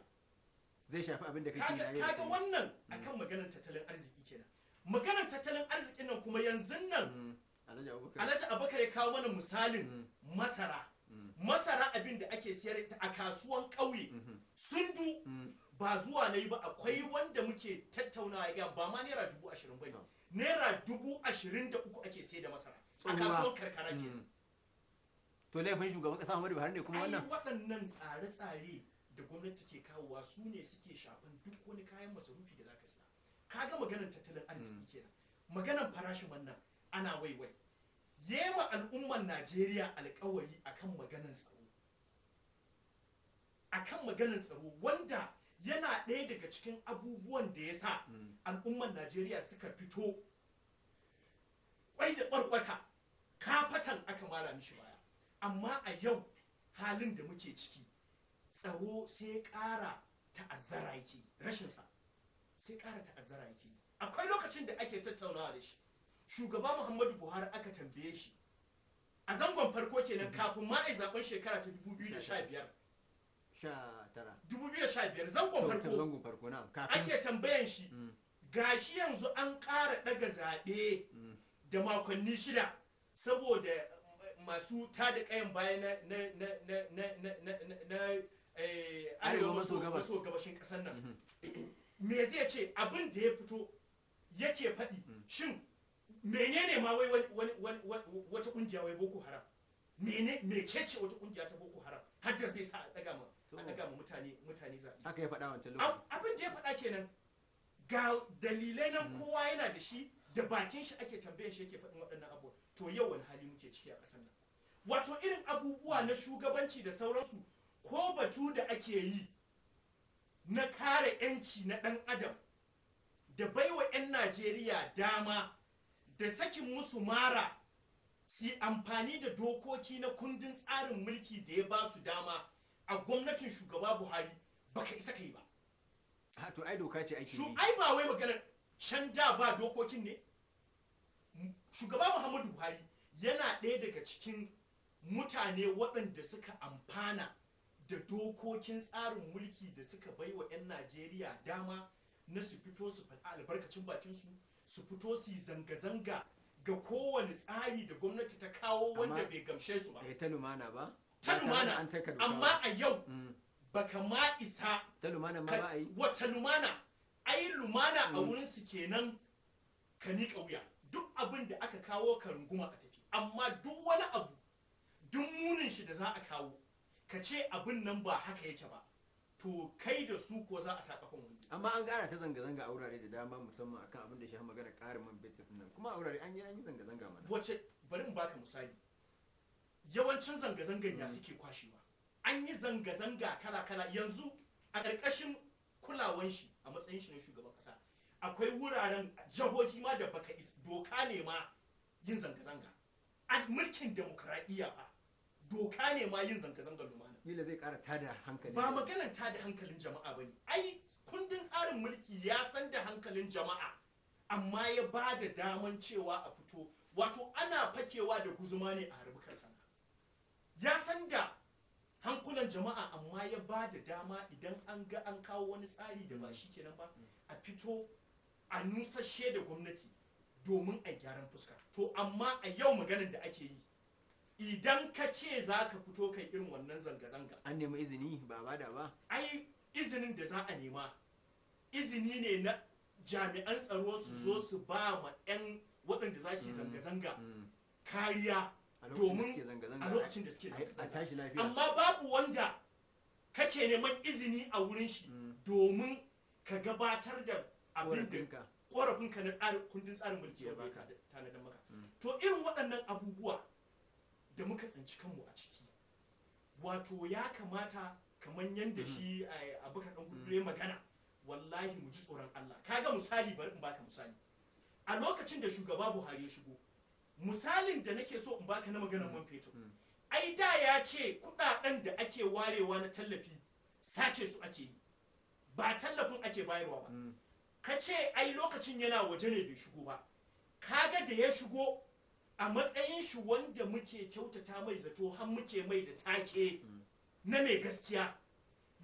zai shafi abin da kake yi kaga wannan akan maganar tattalin arziki kenan maganar tattalin arzikin nan kuma yanzu nan alhaji abubakar ya kawo mana misalin masara masara abin da ake siyar ta a kasuwan ƙauye sundu ba zuwa na yi ba akwai wanda muke tattaunawa ya ba ma naira dubu ashirin ba naira dubu ashirin da uku ake sai da masara a kasuwar karkara ke mm. to laifin shugaban kasa Muhammadu Buhari ne kuma wannan waɗannan tsare-tsare da gwamnati ke kawowa su ne suke shafan duk wani kayan masarufi da zaka siya kaga maganar tattalin arziki mm. kenan maganar farashin wannan ana waiwai yema al'umman Najeriya alkawari akan maganar tsaro akan maganar tsaro wanda yana ɗaya daga cikin abubuwan da ya sa hmm. al'ummar najeriya suka fito kwai da ɓarɓata kafatan aka mara mishi baya amma a yau halin da muke ciki tsaro sai ƙara ta'azzara yake rashinsa sai ƙara ta'azzara yake akwai lokacin da ake tattaunawa da shi shugaba muhammadu buhari aka tambaye shi a zangon farko kenan hmm. kafin ma zaɓen shekara ta da sha biyar. sha dubu biyu sha biyar zangon farko zangon farko na ake tambayan shi mm. gashi yanzu an ƙara ɗaga zaɓe mm. da makonni shida saboda masu tada ƙayan baya na eh, arewa maso gabashin ƙasar nan mm-hmm. me zai ce abin da ya fito yake faɗi mm. shin menene ma wai wata ƙungiya wai boko haram mene ce wata ƙungiya ta boko haram har da zai sa a ɗaga ma an daga mu mutane mutane zaɓi haka ya faɗa wancan lokaci abin da ya faɗa kenan ga dalilai nan mm. kowa yana da shi da bakin shi ake tambayan shi yake faɗin waɗannan abubuwa to yau wani hali muke ciki a ƙasar nan wato irin abubuwa na shugabanci da sauransu ko batu da ake yi na kare 'yanci na ɗan adam da baiwa 'yan najeriya dama da sakin musu mara su amfani da dokoki na kundin tsarin mulki da ya ba su dama a gwamnatin shugaba buhari baka isa kai ba ha ah, to ai doka ce aiki shu ai ba wai maganar canja ba dokokin ne shugaba muhammadu buhari yana ɗaya daga cikin mutane waɗanda suka amfana da dokokin tsarin mulki da suka bai wa 'yan najeriya dama na su fito su faɗa albarkacin bakinsu su fito su zanga-zanga ga kowane tsari da gwamnati ta kawo wanda bai gamshe su ba. lumana ba? ta lumana amma a yau mm. ka ma isa ta lumana ma ba ai wata lumana yi lumana a mm. wurin su kenan ka ni kauya duk abin da aka kawo ka runguma a tafi amma duk wani abu duk munin shi da za a kawo ka ce abin nan ba haka yake ba to kai da su ko za a sa kan wani amma an gara ta zanga zanga a wurare da dama musamman akan abin da shi magana karin man betis nan kuma a wurare an yi an yi zanga zanga mana wace bari mu baka misali yawancin zanga-zangan ya suke kwashewa an yi zanga-zanga kala-kala yanzu a ƙarƙashin kulawan shi a matsayin shi na shugaban ƙasa akwai wuraren jihohi ma da baka doka ne ma yin zanga-zanga a mulkin demokradiyya ba doka ne ma yin zanga zanga lumana yila zai ƙara tada hankali ba maganar tada hankalin jama'a bane ai kundin tsarin mulki ya san da hankalin jama'a amma ya ba da daman cewa a fito wato ana fakewa da guzuma ne a harbi kansa ya san da hankulan jama'a amma ya ba da dama idan an ga an kawo wani tsari da ba shi kenan ba a fito a nusashe da gwamnati domin a gyaran fuska to amma a yau maganin da ake yi idan ka ce za ka fito kai irin wannan zanga-zanga an nemi izini ba ba da ba ai izinin da za a nema izini ne na jami'an tsaro su zo mm. su ba ma 'yan waɗanda za su yi mm. zanga-zanga mm. kariya domin a lokacin da suke zanga-zanga amma babu wanda kake neman izini a wurin shi mm. domin ka gabatar da abin da ka na tsarin kundin tsarin mulki ya baka tanadar maka mm. to irin waɗannan abubuwa da muka tsinci kanmu a ciki wato ya kamata kamar yadda mm-hmm. shi eh, abokan ɗan kudu mm. ya magana wallahi mu ji tsoron Allah kaga misali bari in baka misali a lokacin da shugaba Buhari ya shigo misalin da nake so in baka na maganar man fetur hmm. ai da ya ce kudaden da ake warewa na tallafi sace su ake yi ba tallafin ake bayarwa ba hmm. ka ce ai lokacin yana waje ne bai shigo ba kaga da ya shigo a matsayin shi wanda muke kyautata mai zato har muke mai da take hmm. na mai gaskiya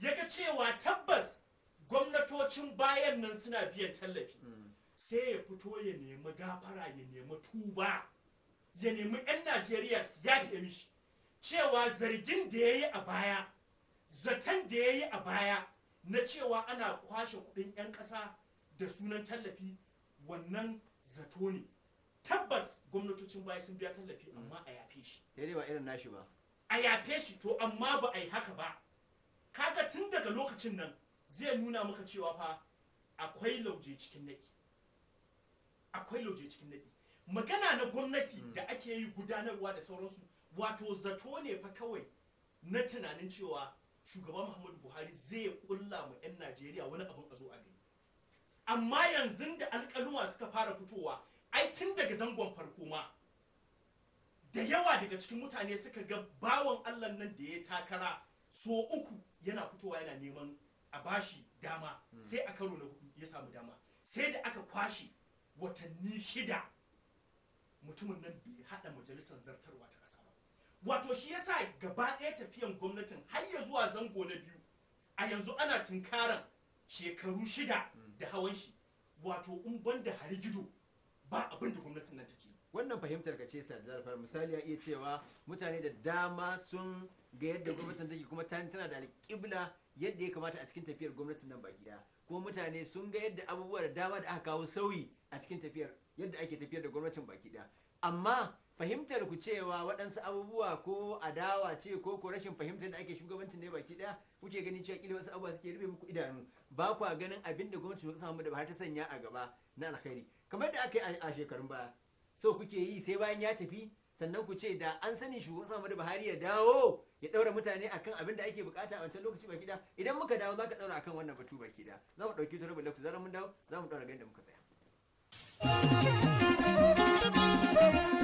yaga cewa tabbas gwamnatocin bayan nan suna biyan tallafi sai ya fito ya nemi gafara ya nemi tuba ya nemi 'yan najeriya su yada mishi cewa zargin da ya yi a baya zaton da ya yi a baya na cewa ana kwashe kudin 'yan ƙasa da sunan tallafi wannan zato ne tabbas gwamnatocin baya sun biya tallafi amma a yafe shi ba irin nashi ba a yafe shi to amma ba a yi haka ba kaga tun daga lokacin nan zai nuna maka cewa fa akwai lauje cikin naki magana na gwamnati hmm. da ake yi gudanarwa da sauransu wato zato ne fa kawai na tunanin cewa shugaban muhammadu buhari zai kulla mu 'yan najeriya wani abin a zo a gani amma yanzu da alkaluma suka fara fitowa ai tun daga zangon farko ma da yawa daga cikin mutane suka ga bawan allah nan da ya takara so uku yana fitowa yana neman a bashi dama hmm. sai a karo na hudu ya samu dama sai da aka kwashe watanni shida mutumin nan bai hada majalisar zartarwa ta kasa ba wato shi yasa gaba ɗaya tafiyan gwamnatin har ya zuwa zango na biyu a yanzu ana tunkaran shekaru shida da hawan shi wato in ban da harigido ba abin da gwamnatin nan take wannan fahimtar ka ce sardarfar misali ya iya cewa mutane da dama sun ga yadda gwamnatin take kuma ta tana da alƙibla yadda ya kamata a cikin tafiyar gwamnatin nan baki daya kuma mutane sun ga yadda abubuwa da dama da aka kawo sauyi a cikin tafiyar yadda ake tafiyar da gwamnatin baki daya amma fahimtar ku cewa waɗansu abubuwa ko adawa ce ko ko rashin fahimtar da ake shugabancin ne baki daya kuke ganin cewa kila wasu abubuwa suke rufe muku idanu ba kwa ganin abin da gwamnati ta samu da ba ta sanya a gaba na alkhairi kamar da aka yi a shekarun baya so kuke yi sai bayan ya tafi sannan ku ce da an sani shugaban sama da Buhari ya dawo ya daura mutane akan abin da ake bukata a wancan lokaci baki da idan muka dawo za ka daura akan wannan batu baki da za mu dauki turbi lokaci zaran mun dawo za mu daura ganin da muka tsaya なに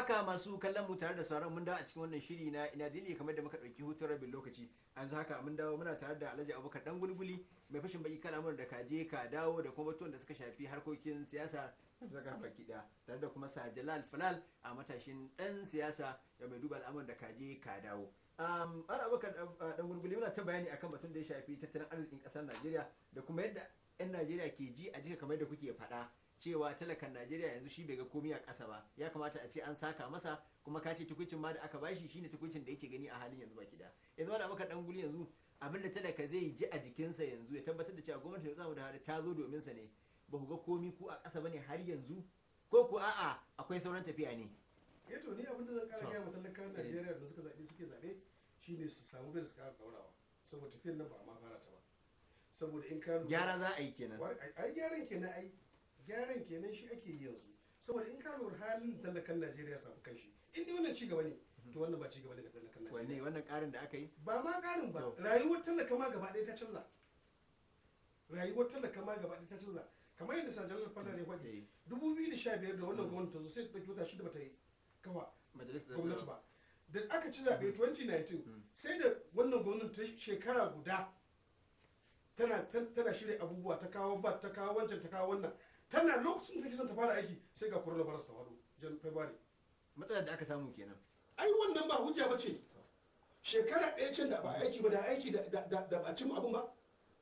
haka masu kallon mu tare da sauran mun dawo a cikin wannan shiri na ina dili kamar da muka dauki hutun rabin lokaci a yanzu haka mun dawo muna tare da alhaji abubakar dan gulguli mai fashin baki kalamun da kaje ka dawo da kuma batun da suka shafi harkokin siyasa zaka baki da tare da kuma sa jalal falal a matashin dan siyasa da mai duba al'amuran da kaje ka dawo um, ana abubakar eh, eh, dan gulguli muna ta bayani akan batun da ya shafi tattalin arzikin kasar najeriya da kuma yadda 'yan najeriya ke ji a jika kamar da kuke faɗa cewa talakan Najeriya yanzu shi bai ga komai a ƙasa ba ya kamata a ce an saka masa kuma ka ce tukuncin ma da aka bashi shine tukuncin da yake gani a halin yanzu baki da yanzu wani muka dan guli yanzu abinda talaka zai ji a jikinsa yanzu ya tabbatar da cewa gwamnati ta samu da hada ta zo domin sa ne ba ku ga komi ku a ƙasa bane har yanzu ko ku a'a akwai sauran tafiya ne eh to ni abin da zan kara gaya wa talakan Najeriya da suka zabe suke zabe shine su samu bin su kara daurawa saboda tafiyar nan ba a ma fara ta ba saboda in ka gyara za a yi kenan ai gyaran kenan ai gyaran kenan shi ake yi yanzu saboda in ka lura halin talakan Najeriya samu kanshi in dai wannan cigaba ne to wannan ba cigaba ne ga talakan Najeriya wanne wannan karin da aka yi ba ma karin ba rayuwar talaka ma gaba ɗaya ta canza rayuwar talaka ma gaba ɗaya ta canza kamar yadda sanjalar da ya faɗi eh. dubu biyu da sha biyar da wannan mm. gwamnati ta zo sai ta ɗauki wata shida bata yi kafa gwamnati ba mm. da aka ci zaɓe 2019 mm. sai da wannan gwamnati ta shekara guda tana shirya abubuwa ta kawo ba ta kawo wancan ta kawo wannan tana lokacin da take son ta fara aiki sai ga coronavirus ta faɗo jan february matsalar da aka samu kenan ai wannan ba hujja ba ce shekara ɗaya can da ba aiki ba da aiki da ba cin abin ba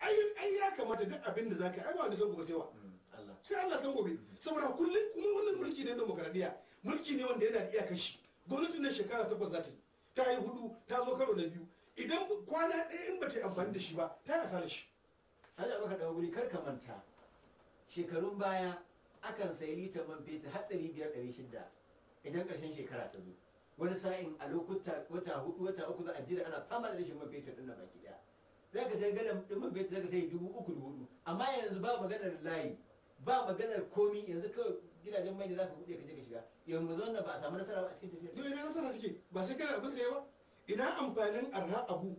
ai ya kamata duk abin da zaka ai ba wanda san gobe sai wa mm, sai Allah san gobe mm. saboda kullum kuma wannan mulki ne na demokradiya mulki ne wanda yana da iyakashi gwamnatin na shekara takwas za ta yi ta yi hudu ta zo karo na biyu idan kwana ɗaya in ba ta yi amfani da shi ba ta yi asarar shi. Allah baka dawo guri kar ka manta shekarun baya akan sayi litar man fetur har ɗari biyar ɗari shida idan ƙarshen shekara ta zo wani sa'in a lokuta wata hudu wata uku za a jira ana fama da rashin man fetur ɗin na baki ɗaya za ka sai ganin ɗin man fetur za ka sai dubu uku da hudu amma yanzu ba maganar layi ba maganar komi yanzu kawai gidajen mai da za ka buɗe ka je ka shiga yanzu wannan ba a samu nasara ba a cikin tafiyar. Yau ina nasara suke ba sai kana abin sai ba ina amfanin arha abu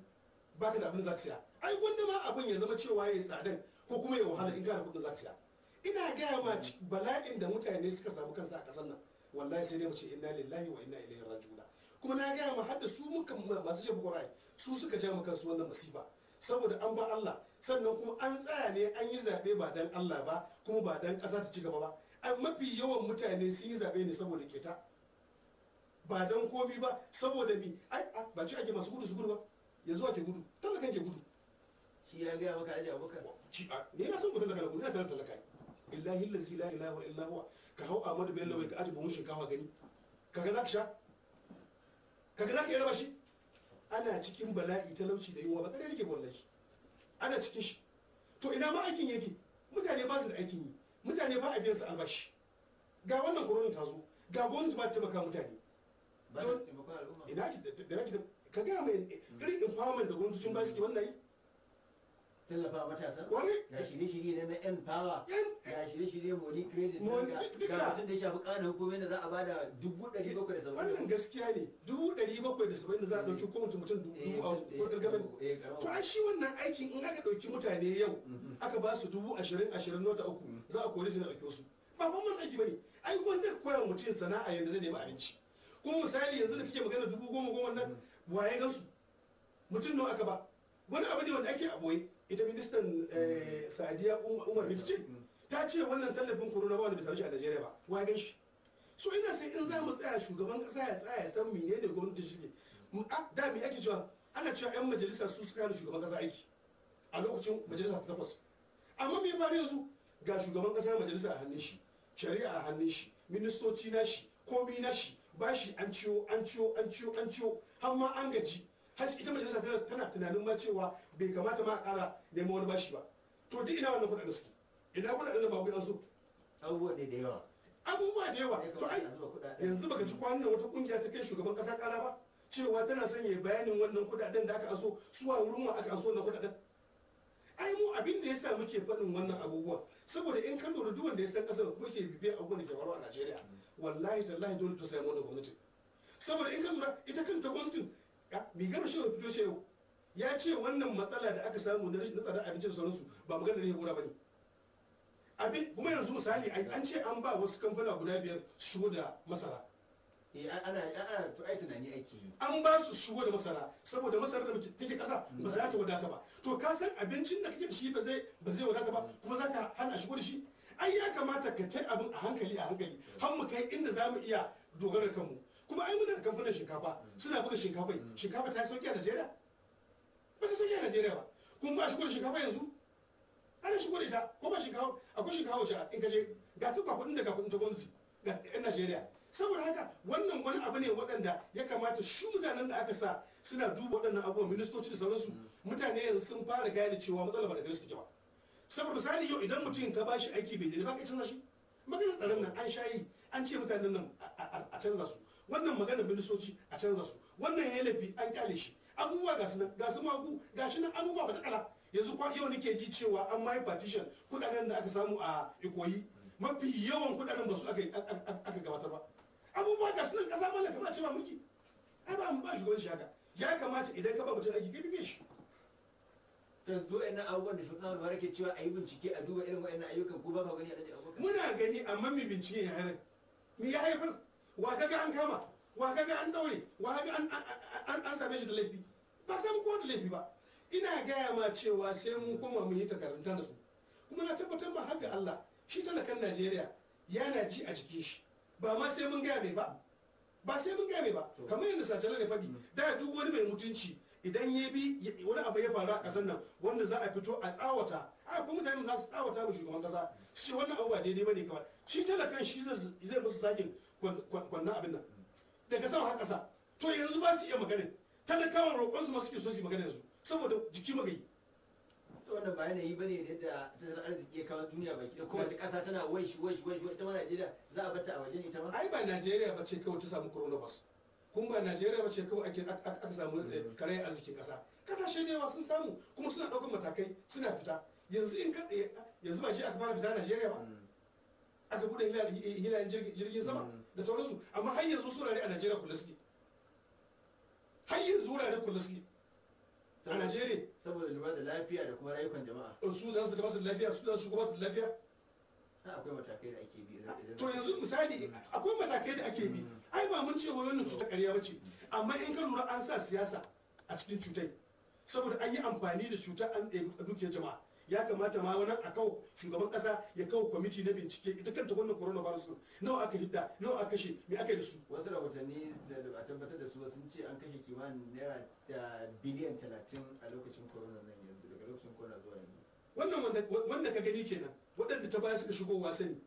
ba ka da abin za ka siya ai gwanda ma abin ya zama cewa ya yi tsadan ko kuma ya wahala in kana kuɗin za ka siya. ina gaya ma bala'in da mutane suka samu kansa a ƙasar nan wallahi sai dai mu ce inna lillahi wa inna ilaihi raji'un kuma na gaya ma hadda su muka masu jefa ƙwarai su suka ja mu kansu wannan masifa saboda an ba Allah sannan kuma an tsaya ne an yi zaɓe ba dan Allah ba kuma ba dan ƙasa ta ci gaba ba a mafi yawan mutane sun yi zaɓe ne saboda keta ba dan komi ba saboda mi ai ba ci ake masu gudu su gudu ba yanzu ake gudu talakan ke gudu shi ya gaya maka aje abubakar ne na san ku talaka na gudu na talaka illahi lasi la ilaha illa huwa ka hau amadu bello lawai ka aji buhun kawa gani kaga za ka sha kaga za ka yi shi ana cikin bala'i talauci da yunwa ba kare wannan shi. ana cikin shi to ina ma aikin yake mutane ba su da aikin yi mutane ba a biyan su albashi ga wannan koronin ta zo ga gwamnati ba ta taimaka mutane ina ki da ki ka ga mai eh, irin empowerment da sun ba su ke wannan yi tallafa matasa ga shirye-shirye na yan fawa ga shirye-shirye moni credit ga mutum da ya shafi kanin hukumai da za a bada dubu ɗari bakwai da saba'in wannan gaskiya ne dubu ɗari bakwai da saba'in da za a ɗauki eh. ko mutum mutum dubu eh, a eh, gargamin to a shi wannan aikin in aka ɗauki mutane yau mhm. aka ba su dubu ashirin ashirin nota uku mhm. za a kori su na ɗauki su ba ban aiki bane ai wannan koyar mutum sana'a yanzu zai nemi abinci kuma misali yanzu da kake magana dubu goma goma nan mhm. waye gasu mutum nawa aka ba wani abu ne wanda ake a boye ita ministan eh, sadiya umar rikici mm. ta ce wannan tallafin corona ba wanda bai same a najeriya ba wa gan shi so ina sai in za mu tsaya shugaban kasa ya tsaya ya san ne gwamnati shi ne da me ake cewa ana cewa yan majalisa su suka da shugaban kasa aiki a lokacin majalisa ta takwas amma me faru yanzu ga shugaban kasa majalisa a hannun shi shari'a a hannun shi ministoci na shi komi na shi ba shi an ciwo an ciwo an ciwo an ciwo har ma an gaji har ita majalisa tana tunanin ma cewa bai kamata ma a kara neman wani bashi ba to duk ina wannan kudaden su ina kuɗaɗen da ba kuɗaɗen su abubuwa da yawa abubuwa da yawa to ai yanzu baka ci kwanan wata kungiya ta kai shugaban ƙasa ƙara ba cewa tana sanya bayanin wannan kudaden da aka aso suwa wurin wa aka aso wannan kudaden? ai mu abin da yasa muke faɗin wannan abubuwa saboda in kan lura duwan da ya san ƙasar muke bibiyar abubuwan da ke faruwa a Najeriya wallahi tallahi dole ta sayi wannan gwamnati saboda in kan lura ita kanta gwamnatin rigar shi da fito ce yau ya ce wannan matsala da aka samu na rashin tsadar abinci abincin sauransu ba magana ne ba ne. abin kuma yanzu misali an ce an ba wasu kamfuna guda biyar shigo da masara eh, ana ana to ai tunani ake yi an ba su shigo da masara saboda masara da take kasa ba za ta wadata ba to ka san abincin da kake da shi ba zai wadata ba kuma za ka hana shigo da shi ai ya kamata ka kai abin a hankali a hankali har mu kai inda za mu iya dogara kanmu kuma ai muna da kamfanin shinkafa suna buga shinkafa mm. shinkafa ta yi sauki a najeriya ba ta sauki a najeriya ba kuma ba shi da shinkafa yanzu ana shi da ita ko ba shinkafa akwai shinkafa wace in ka je ga ta ba kudin da ga kudin ta gwamnati ga 'yan najeriya saboda haka wannan wani abu ne waɗanda ya kamata shi mutanen da aka sa suna duba waɗannan abubuwan ministoci da sauransu mm. mutane yanzu sun fara gane cewa matsala ba da gaisu ba saboda misali yau idan mutum ka ba shi aiki bai daidai ba ka canza shi maganar tsaron nan an shayi an ce mutanen nan a canza su wannan magana ministoci a canza su wannan ya laifi an kyale shi abubuwa ga sunan ga su magu ga shi nan abubuwa ba ta kala yanzu kwa yau nake ji cewa an mai partition kudaden da aka samu a ikoyi mafi yawan kudaden ba su aka gabatar ba abubuwa ga sunan nan kasa mana kamar cewa mulki ai ba mu ba shi gwani haka ya kamata idan ka ba mutum aiki ka duke shi yanzu ina abubuwan da shugaban Buhari ke cewa a yi bincike a duba irin wa'annan ayyukan ko ba ka gani a daji abubuwa muna gani amma mai bincike ya haifar ya haifar wa kaga an kama wa kaga an daure wa kaga an same shi da laifi ba sai mu da laifi ba ina gaya ma cewa sai mun koma mun yi takarantar da su kuma na tabbatar ma har ga Allah shi talakan Najeriya yana ji a jikin shi ba ma sai mun gaya mai ba ba sai mun gaya mai ba kamar yadda sacala ne faɗi mm. da duk wani mai mutunci idan ya bi wani abu ya faru a kasan nan wanda za a fito a tsawata a kuma mutane za su tsawata mu shugaban ƙasa shi wannan abu ba daidai bane kawai shi talakan shi zai musu sakin gwanna abin nan daga sama har kasa to yanzu ba su iya magana talakawan roƙon su ma suke so su magana yanzu saboda jiki magayi to wannan ba yanayi bane da yadda tattalin arziki ya kawo duniya baki da kowace ƙasa tana wai waishi wai ita ma Najeriya za a bata a waje ne ita ma ai ba Najeriya ba ce kawai ta samu coronavirus kun ba Najeriya ba ce kawai ake aka samu eh, kare arzikin ƙasa kasashe ne yawa sun samu kuma suna ɗaukar matakai suna fita yanzu in ka eh, yanzu ba shi aka fara fita Najeriya ba mm. aka bude hilayen eh, jirgin sama mm. da sauransu amma har yanzu surare a najeriya kula suke har yanzu wurare kula suke a najeriya saboda lura da lafiya da kuma rayukan jama'a su za su ba su lafiya su za su ba su lafiya akwai matakai da ake bi to yanzu misali akwai matakai da ake bi hmm. ai ba mun ce wannan cuta ƙarya bace amma in ka lura an sa siyasa a cikin cutai saboda an yi amfani da cuta an ɗaya dukiyar jama'a ya kamata ma wani a kawo shugaban kasa ya kawo kwamiti na bincike ita kanta wannan coronavirus din nawa aka hidda nawa aka kashe me aka yi da su wasu rahotanni da a tabbatar da su sun ce an kashe kimanin naira da biliyan talatin a lokacin corona nan yanzu daga lokacin corona zuwa yanzu wannan wanda ka gani kenan waɗanda ta baya suka shigo wasan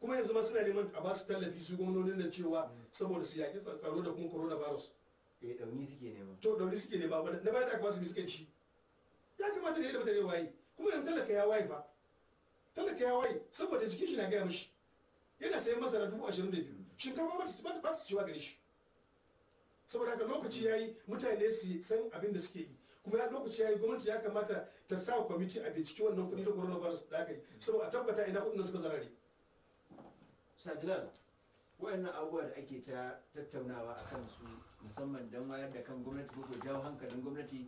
kuma yanzu ma suna neman a ba su tallafi su gwamnonin nan cewa saboda su yaƙi tsaro da kuma coronavirus eh dauni suke nema to dauni suke nema na bayan da aka ba su biskanci ya kamata ne da mutane waye kuma yanzu talaka ya waye ba talaka ya waye saboda jikin shi na gaya mishi yana sayan masara dubu ashirin da biyu shinkafa ba su shiwa gare shi saboda haka lokaci ya yi mutane su san abin da suke yi kuma ya lokaci ya yi gwamnati ya kamata ta sa kwamiti a binciki wannan kuɗi da virus da aka yi saboda a tabbata ina kuɗin suka zarare. sadilal wa'annan abubuwa da ake ta tattaunawa a kan su musamman don wayar da kan gwamnati ko jawo hankalin gwamnati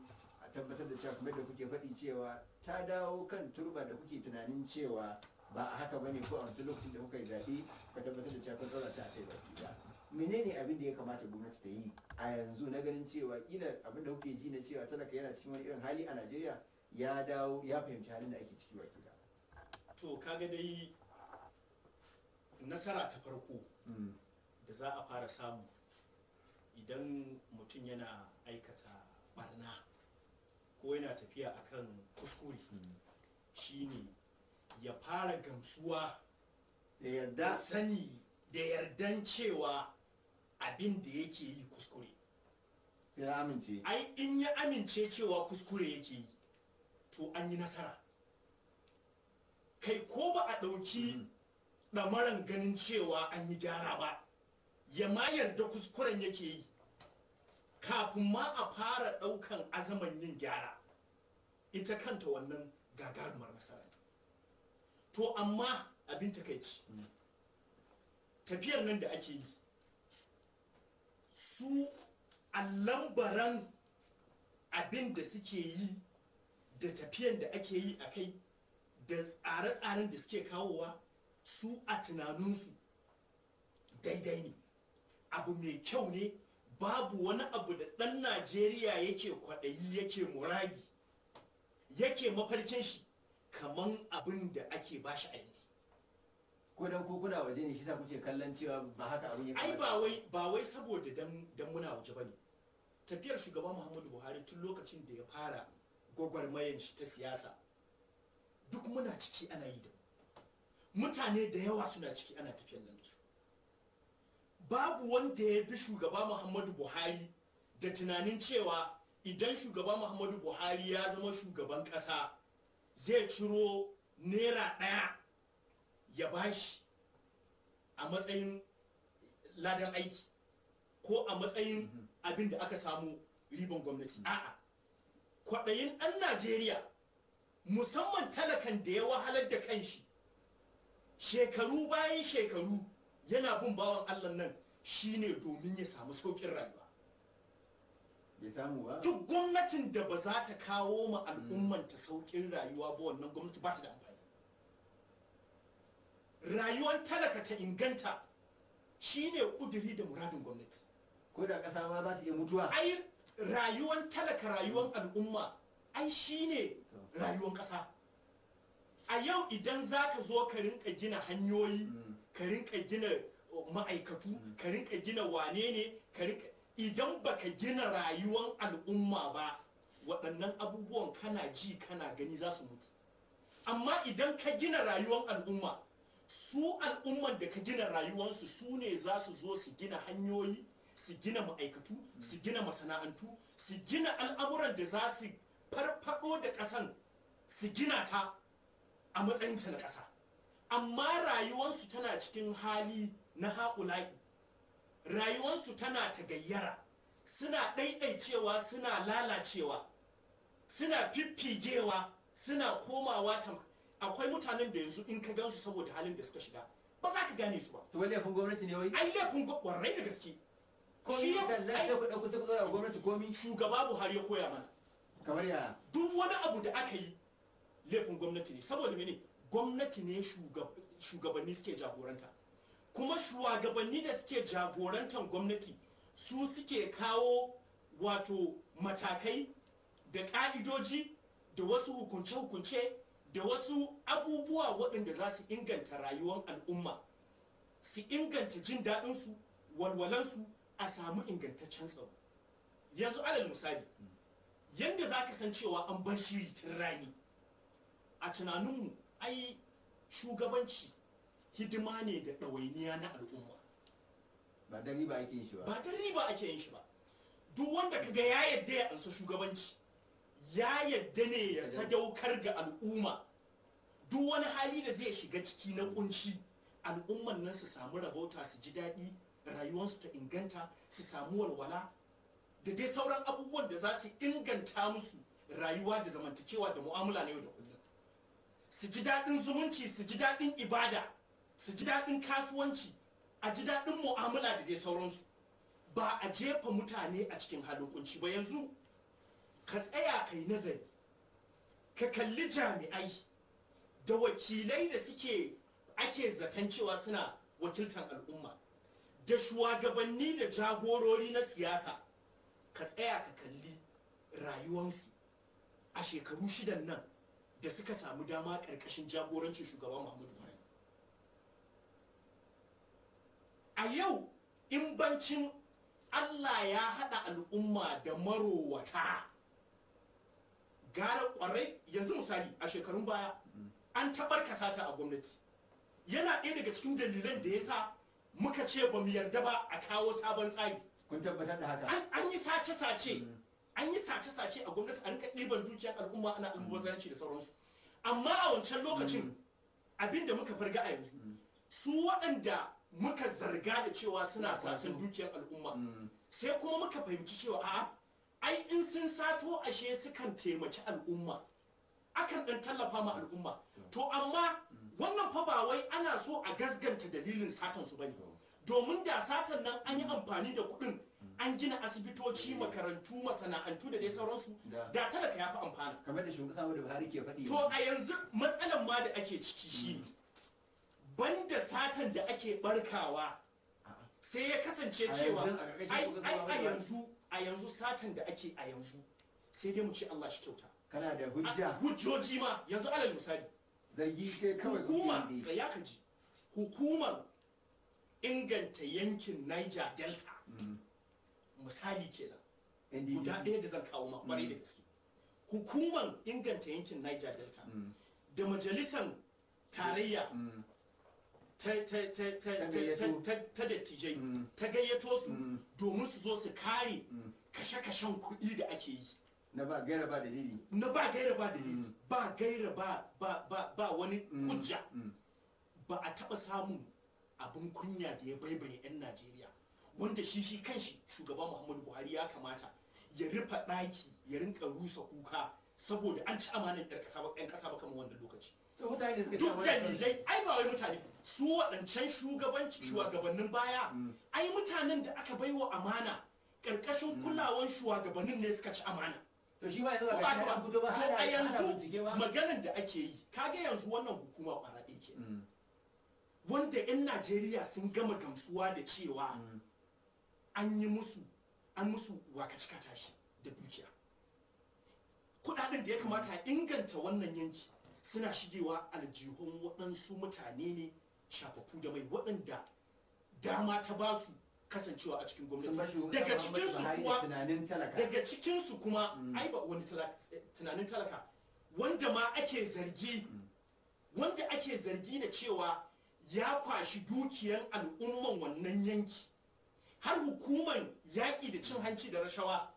tabbatar da cewa kamar da kuke faɗi cewa ta dawo kan turba da kuke tunanin cewa ba a haka bane ko a wani lokacin da kuka yi zaɓe ka tabbatar da cewa kun ɗora ta kai baki ba menene abin da ya kamata gwamnati ta yi a yanzu na ganin cewa kila abin da kuke ji na cewa talaka yana cikin wani irin hali a Najeriya ya dawo ya fahimci halin da ake ciki baki da to ga dai nasara ta farko hmm. da za a fara samu idan mutum yana aikata barna ko yana tafiya akan kuskure hmm. shine ya fara gamsuwa da yarda sani da yardan cewa abin da yake yi kuskure ya amince ai in ya amince cewa kuskure yake yi to an yi nasara kai ko ba a ɗauki hmm. ɗamaran ganin cewa an yi gyara ba ya ma yarda kuskuren yake yi kafin ma a fara ɗaukan azaman yin gyara ita kanta wannan gagarumar nasara to amma abin takaici mm. tafiyar nan da ake yi su allambaran abin da suke yi da tafiyan da ake yi a kai da tsare-tsaren da suke kawowa su a tunaninsu daidai ne abu mai kyau ne babu wani abu da ɗan najeriya yake kwaɗayi yake muragi yake mafarkin shi kaman abin da ake ba a yanzu ko dan ko kuna waje ne shi sa kuke kallon cewa ba haka abin ya ai ba wai ba wai saboda dan dan muna waje bane tafiyar shugaba Muhammadu Buhari tun lokacin da ya fara gwagwarmayar shi ta siyasa duk muna ciki ana yi da mutane da yawa suna ciki ana tafiyar nan da su babu wanda ya bi shugaba muhammadu buhari da tunanin cewa idan shugaba muhammadu buhari ya zama shugaban ƙasa zai ciro nera ɗaya ya bashi a matsayin ladan aiki ko a matsayin mhm. abin da aka samu riban gwamnati mhm. a'a kwaɗayin ɗan najeriya musamman talakan da ya wahalar da kanshi shekaru bayan shekaru yana bin bawan Allah nan shine domin ya samu saukin rayuwa bai samu ba duk gwamnatin da ba za ta kawo ma al'umman ta saukin rayuwa ba wannan gwamnati ba ta da amfani rayuwar talaka ta inganta shine kuduri da muradin gwamnati ko da kasa ma za ta iya mutuwa ai rayuwar talaka rayuwar al'umma ai shine rayuwar kasa a yau idan za ka zo ka rinka gina hanyoyi mm. ka rinka gina ma'aikatu mm. ka rinka gina wane ne ka rinka idan baka gina rayuwar al'umma ba waɗannan abubuwan kana ji kana gani za su mutu amma idan ka gina rayuwar al'umma su al'umman da ka gina rayuwarsu su ne za su zo su gina hanyoyi su gina ma'aikatu mm. su gina masana'antu su gina al'amuran da za su farfado da ƙasan su gina ta a matsayinta na ƙasa amma rayuwansu tana cikin hali na haƙula'i rayuwansu tana ta gayyara suna ɗaiɗaicewa suna lalacewa suna fiffigewa suna komawa ta akwai mutanen da yanzu in ka gansu saboda halin da suka shiga ba za ka gane su ba. To wani laifin gwamnati ne wai? an laifin gwarai da gaske. Komi sallah sai ku ɗauki sai gwamnati komi. Shugaba Buhari ya koya mana. Kamar ya. Duk wani abu da aka yi laifin gwamnati ne saboda mene? gwamnati ne shugabanni suke jagoranta kuma shugabanni da suke jagorantar gwamnati su suke kawo wato matakai da ƙa'idoji da wasu hukunce-hukunce da wasu abubuwa waɗanda za su inganta rayuwar al'umma su inganta jin daɗinsu walwalansu a samu ingantaccen tsaro yanzu alal misali yadda za ka san cewa an bar shiri tun rani a tunaninmu ai shugabanci hidima ne da ɗawainiya na al'umma ba ta riba ake yin shi ba ba ta riba ake yin shi ba duk wanda kaga ya yadda ya ansa shugabanci ya yadda ne ya sadaukar ga al'umma duk wani hali da zai shiga ciki na kunci al'umman nan su samu rabauta su ji daɗi rayuwarsu ta inganta su samu walwala da dai sauran abubuwan da za su inganta musu rayuwa da zamantakewa da mu'amala na yau da su ji daɗin zumunci su ji daɗin ibada su ji daɗin kasuwanci a ji daɗin mu'amala da dai sauransu ba a jefa mutane a cikin halin kunci ba yanzu ka tsaya ka yi nazari ka kalli jami'ai da wakilai da suke ake zaton cewa suna wakiltar al'umma da shugabanni da jagorori na siyasa ka tsaya ka kalli rayuwansu a shekaru shidan nan da suka samu dama ƙarƙashin jagorancin shugaban muhammadu buhari a yau in bancin allah ya haɗa al'umma da marowata gara kwarai yanzu misali a shekarun baya an taɓar kasata a gwamnati yana ɗaya daga cikin dalilan da ya sa muka ce ba mu yarda ba a kawo sabon tsari kun tabbatar da haka an yi sace-sace mm. an yi sace-sace a gwamnati a rika ɗiban dukiyar al'umma ana almubazanci da sauransu amma a wancan lokacin mm. abin da muka farga a yanzu mm. su waɗanda muka zarga da cewa suna sacen dukiyar al'umma mm. sai kuma muka fahimci cewa a'a ai in sun sato ashe sukan taimaki al'umma akan ɗan tallafa ma al'umma to amma wannan fa ba wai ana so a gasganta dalilin satan su bane domin da satan nan an yi amfani da kuɗin an gina asibitoci makarantu masana'antu da dai sauransu da talaka ya fi amfana kamar da shugaba samu da buhari ke faɗi to a yanzu matsalan ma da ake ciki shi banda satan da ake barkawa sai ya kasance cewa a yanzu a yanzu satan da ake a yanzu sai dai mu ce Allah shi kyauta kana da hujja hujjoji ma yanzu alal misali zargi kai kawai hukuma sai ya kaji hukumar inganta yankin Niger Delta mm. misali kenan guda ɗaya da zan kawo kwarai da mm. gaske hukumar inganta yankin niger delta mm. da majalisar tarayya mm. ta dattijai ta gayyato su domin su zo su kare kashe-kashen kuɗi da ake yi na ba gaira ba dalili na ba gaira ba dalili ba gaira ba wani hujja ba a taɓa samun abin kunya da ya baibaye 'yan najeriya wanda shi shi kanshi shugaba muhammadu buhari ya kamata ya rufa ɗaki ya rinka rusa kuka saboda an ci amanar yan ƙasa ba kamar wannan lokaci duk dalilai ai ba wai mutane su waɗancan shugabanci mm. shugabannin baya mm. ai mutanen da aka baiwa amana ƙarƙashin mm. kulawan shugabannin ne suka ci amana to shi ba yanzu ba ka fito ba to a yanzu maganar da ake yi kage yanzu wannan hukuma kwara ɗin ke wanda 'yan Najeriya sun gama gamsuwa da cewa an yi musu an musu wakacika tashi da dukiya kudaden da ya kamata a inganta wannan yanki suna shigewa aljihun waɗansu mutane ne shafafu da mai waɗanda dama ta ba su kasancewa a cikin gwamnati daga cikinsu kuma mm. ai ba wani tunanin talaka wanda ma ake zargi wanda ake zargi da cewa ya kwashi dukiyan al'umman wannan yanki har hukumar yaƙi da cin mm. hanci da rashawa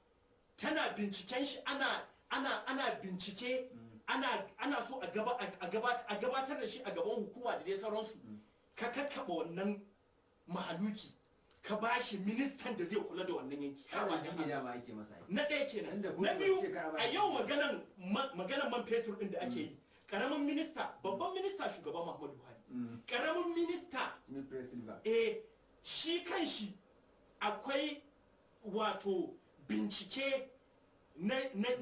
tana binciken shi ana ana ana bincike mm. ana ana so a gaba, a a gabatar da shi a gaban hukuma da dai sauransu mm. ka kakkaɓa wannan mahaluki ka ba shi ministan da zai kula da wannan yanki har wa na ɗaya kenan na biyu a yau maganan maganan man fetur din da ake yi karamin minista babban minista shugaban Muhammadu Buhari karamin minista eh shi kan shi akwai wato bincike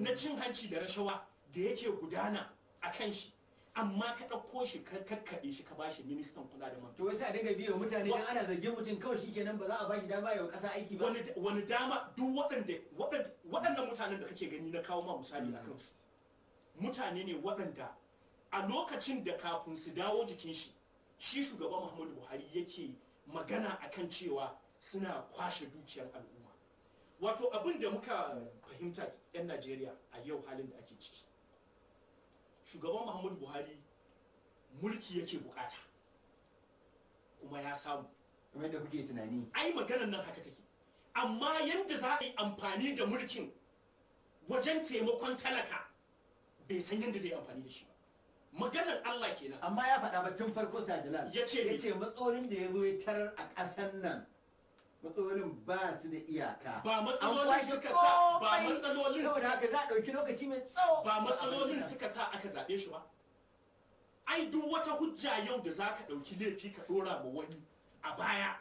na cin hanci da rashawa da yake gudana a kan shi amma ka ɗauko shi ka kakkaɓe shi ka bashi ministan kula da man. To wasu a dinga biyo mutane dan ana zargin mutum kawai shi kenan ba za a bashi dama yau kasa aiki ba. Wani dama duk waɗanda waɗannan mutanen da kake gani na kawo ma misali a kansu. Mutane ne waɗanda a lokacin da kafin su dawo jikin shi shi shugaba Muhammadu Buhari yake magana akan cewa suna kwashe dukiyar al'umma wato abin da muka fahimta 'yan najeriya a yau halin da ake ciki shugaban muhammadu buhari mulki yake bukata kuma ya samu kamar da kuke tunani ai maganar nan haka take amma yadda za a yi amfani da mulkin wajen taimakon talaka bai san yadda zai amfani da shi maganar Allah kenan amma ya faɗa ba tun farko sajalal ya ce matsorin da ya zo ya tarar a ƙasar nan matsalolin ba su da iyaka ba matsalolin suka sa ba matsalolin suka haka za a ɗauki lokaci mai tsawo ba matsalolin suka sa aka zaɓe shi ba ai duk wata hujja yau da za ka ɗauki laifi ka ɗora ma wani a baya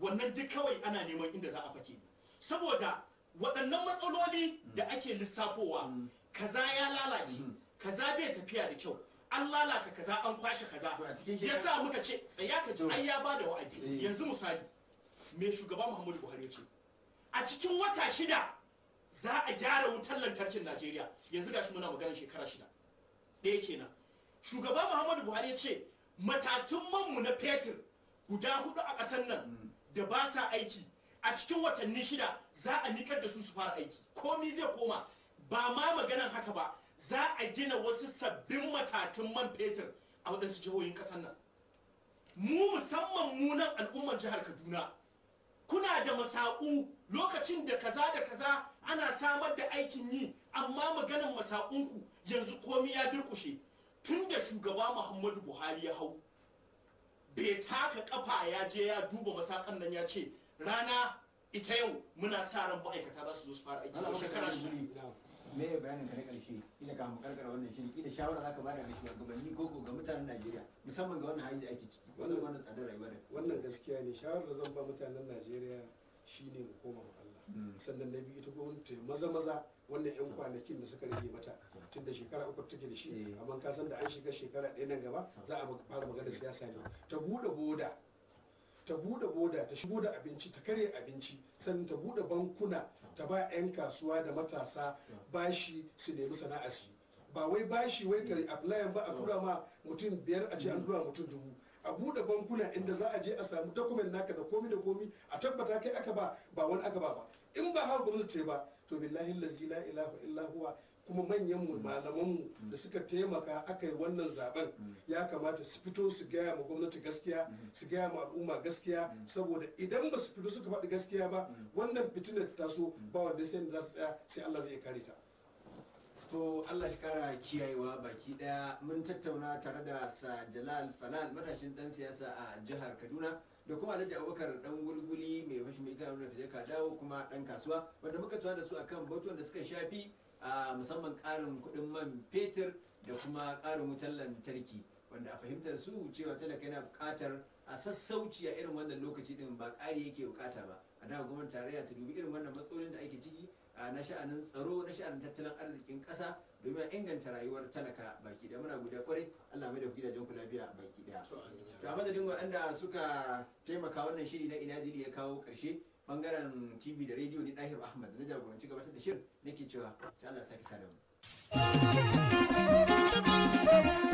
wannan duk kawai ana neman inda za a fake ne saboda waɗannan matsaloli da ake lissafowa mm. kaza ya lalace mm. kaza bai tafiya da kyau an lalata kaza an kwashe kaza sa muka ce tsaya ka ji ai ya da wa'adi eh. yanzu misali me shugaba muhammadu buhari ya ce a cikin wata shida za a gyara wutar lantarkin najeriya yanzu gashi muna magana shekara shida ɗaya kenan shugaba muhammadu buhari ya ce matatun manmu na fetur guda hudu a ƙasar nan da ba sa aiki a cikin watanni shida za a nikar da su su fara aiki komi zai koma ba ma maganan haka ba za a gina wasu sabbin matatun man fetur a waɗansu jihohin ƙasar nan mu musamman mu nan al'ummar jihar kaduna kuna da masaƙu lokacin da kaza da kaza ana samar da aikin yi amma maganan masaƙunku yanzu komi ya durƙushe tun da shugaba muhammadu buhari ya hau bai taka kafa ya je ya duba masaƙan nan ya ce rana ita yau muna sa ran ma'aikata ba su zo su fara aiki shekara shekara mai bayanin kare karshe ina ka mu karkara wannan shiri ina shawara zaka bada ga shugabanni ko ko ga mutanen Najeriya musamman ga wannan hali da ake ciki wannan wannan tsadar rayuwar wannan gaskiya ne shawara zan ba mutanen Najeriya shine mu koma ga Allah hmm. sannan na biyu ita gwamnati maza maza wannan yan kwanakin da suka rage mata tun da shekara uku take da shi eh. amma ka san da an shiga shekara ɗaya nan gaba za a fara magana siyasa ne ta bude boda ta buɗe boda ta shigo da abinci ta karya abinci sannan ta buɗe bankuna ta ba 'yan kasuwa da matasa bashi su nemi sana'a su ba wai bashi wai kare apply ba a tura ma mutum biyar a ce an tura mutum dubu a buɗe bankuna inda za a je a samu dokumen naka da komi da komi a tabbata kai aka ba ba wani aka ba ba in ba har gwamnati ba to billahi lazi la ilaha illa huwa kuma manyan mu malaman mu da suka taimaka aka yi wannan zaben mm. ya kamata su fito su gaya ma gwamnati gaskiya mm. su gaya ma al'umma gaskiya mm. saboda idan ba su fito suka faɗi gaskiya ba wannan fitinar ta taso ba wanda sai za ta tsaya sai Allah zai kare ta to Allah shi kara kiyayewa baki daya mun tattauna tare da sa Jalal Falal matashin dan siyasa a jihar Kaduna da kuma Alhaji Abubakar dan gulguli mai fashin mai kan da ka dawo kuma dan kasuwa wanda muka tsawa da su akan batun da suka shafi musamman karin kuɗin man fetur da kuma ƙarin wutar lantarki wanda a fahimtar su cewa talaka yana bukatar a sassauci a irin wannan lokaci din ba ƙari yake bukata ba a da gwamnatin tarayya ta dubi irin wannan matsalolin da ake ciki na sha'anin tsaro na sha'anin tattalin arzikin ƙasa domin a inganta rayuwar talaka baki da muna guda kwarai Allah mai da ku gidajen ku lafiya baki daya to a madadin waɗanda suka taimaka wannan shiri na ina inadili ya kawo ƙarshe bangaren tv da rediyo ne dahir ahmad na jagoranci gabatar da shirin nake cewa sai allah sake sa da mu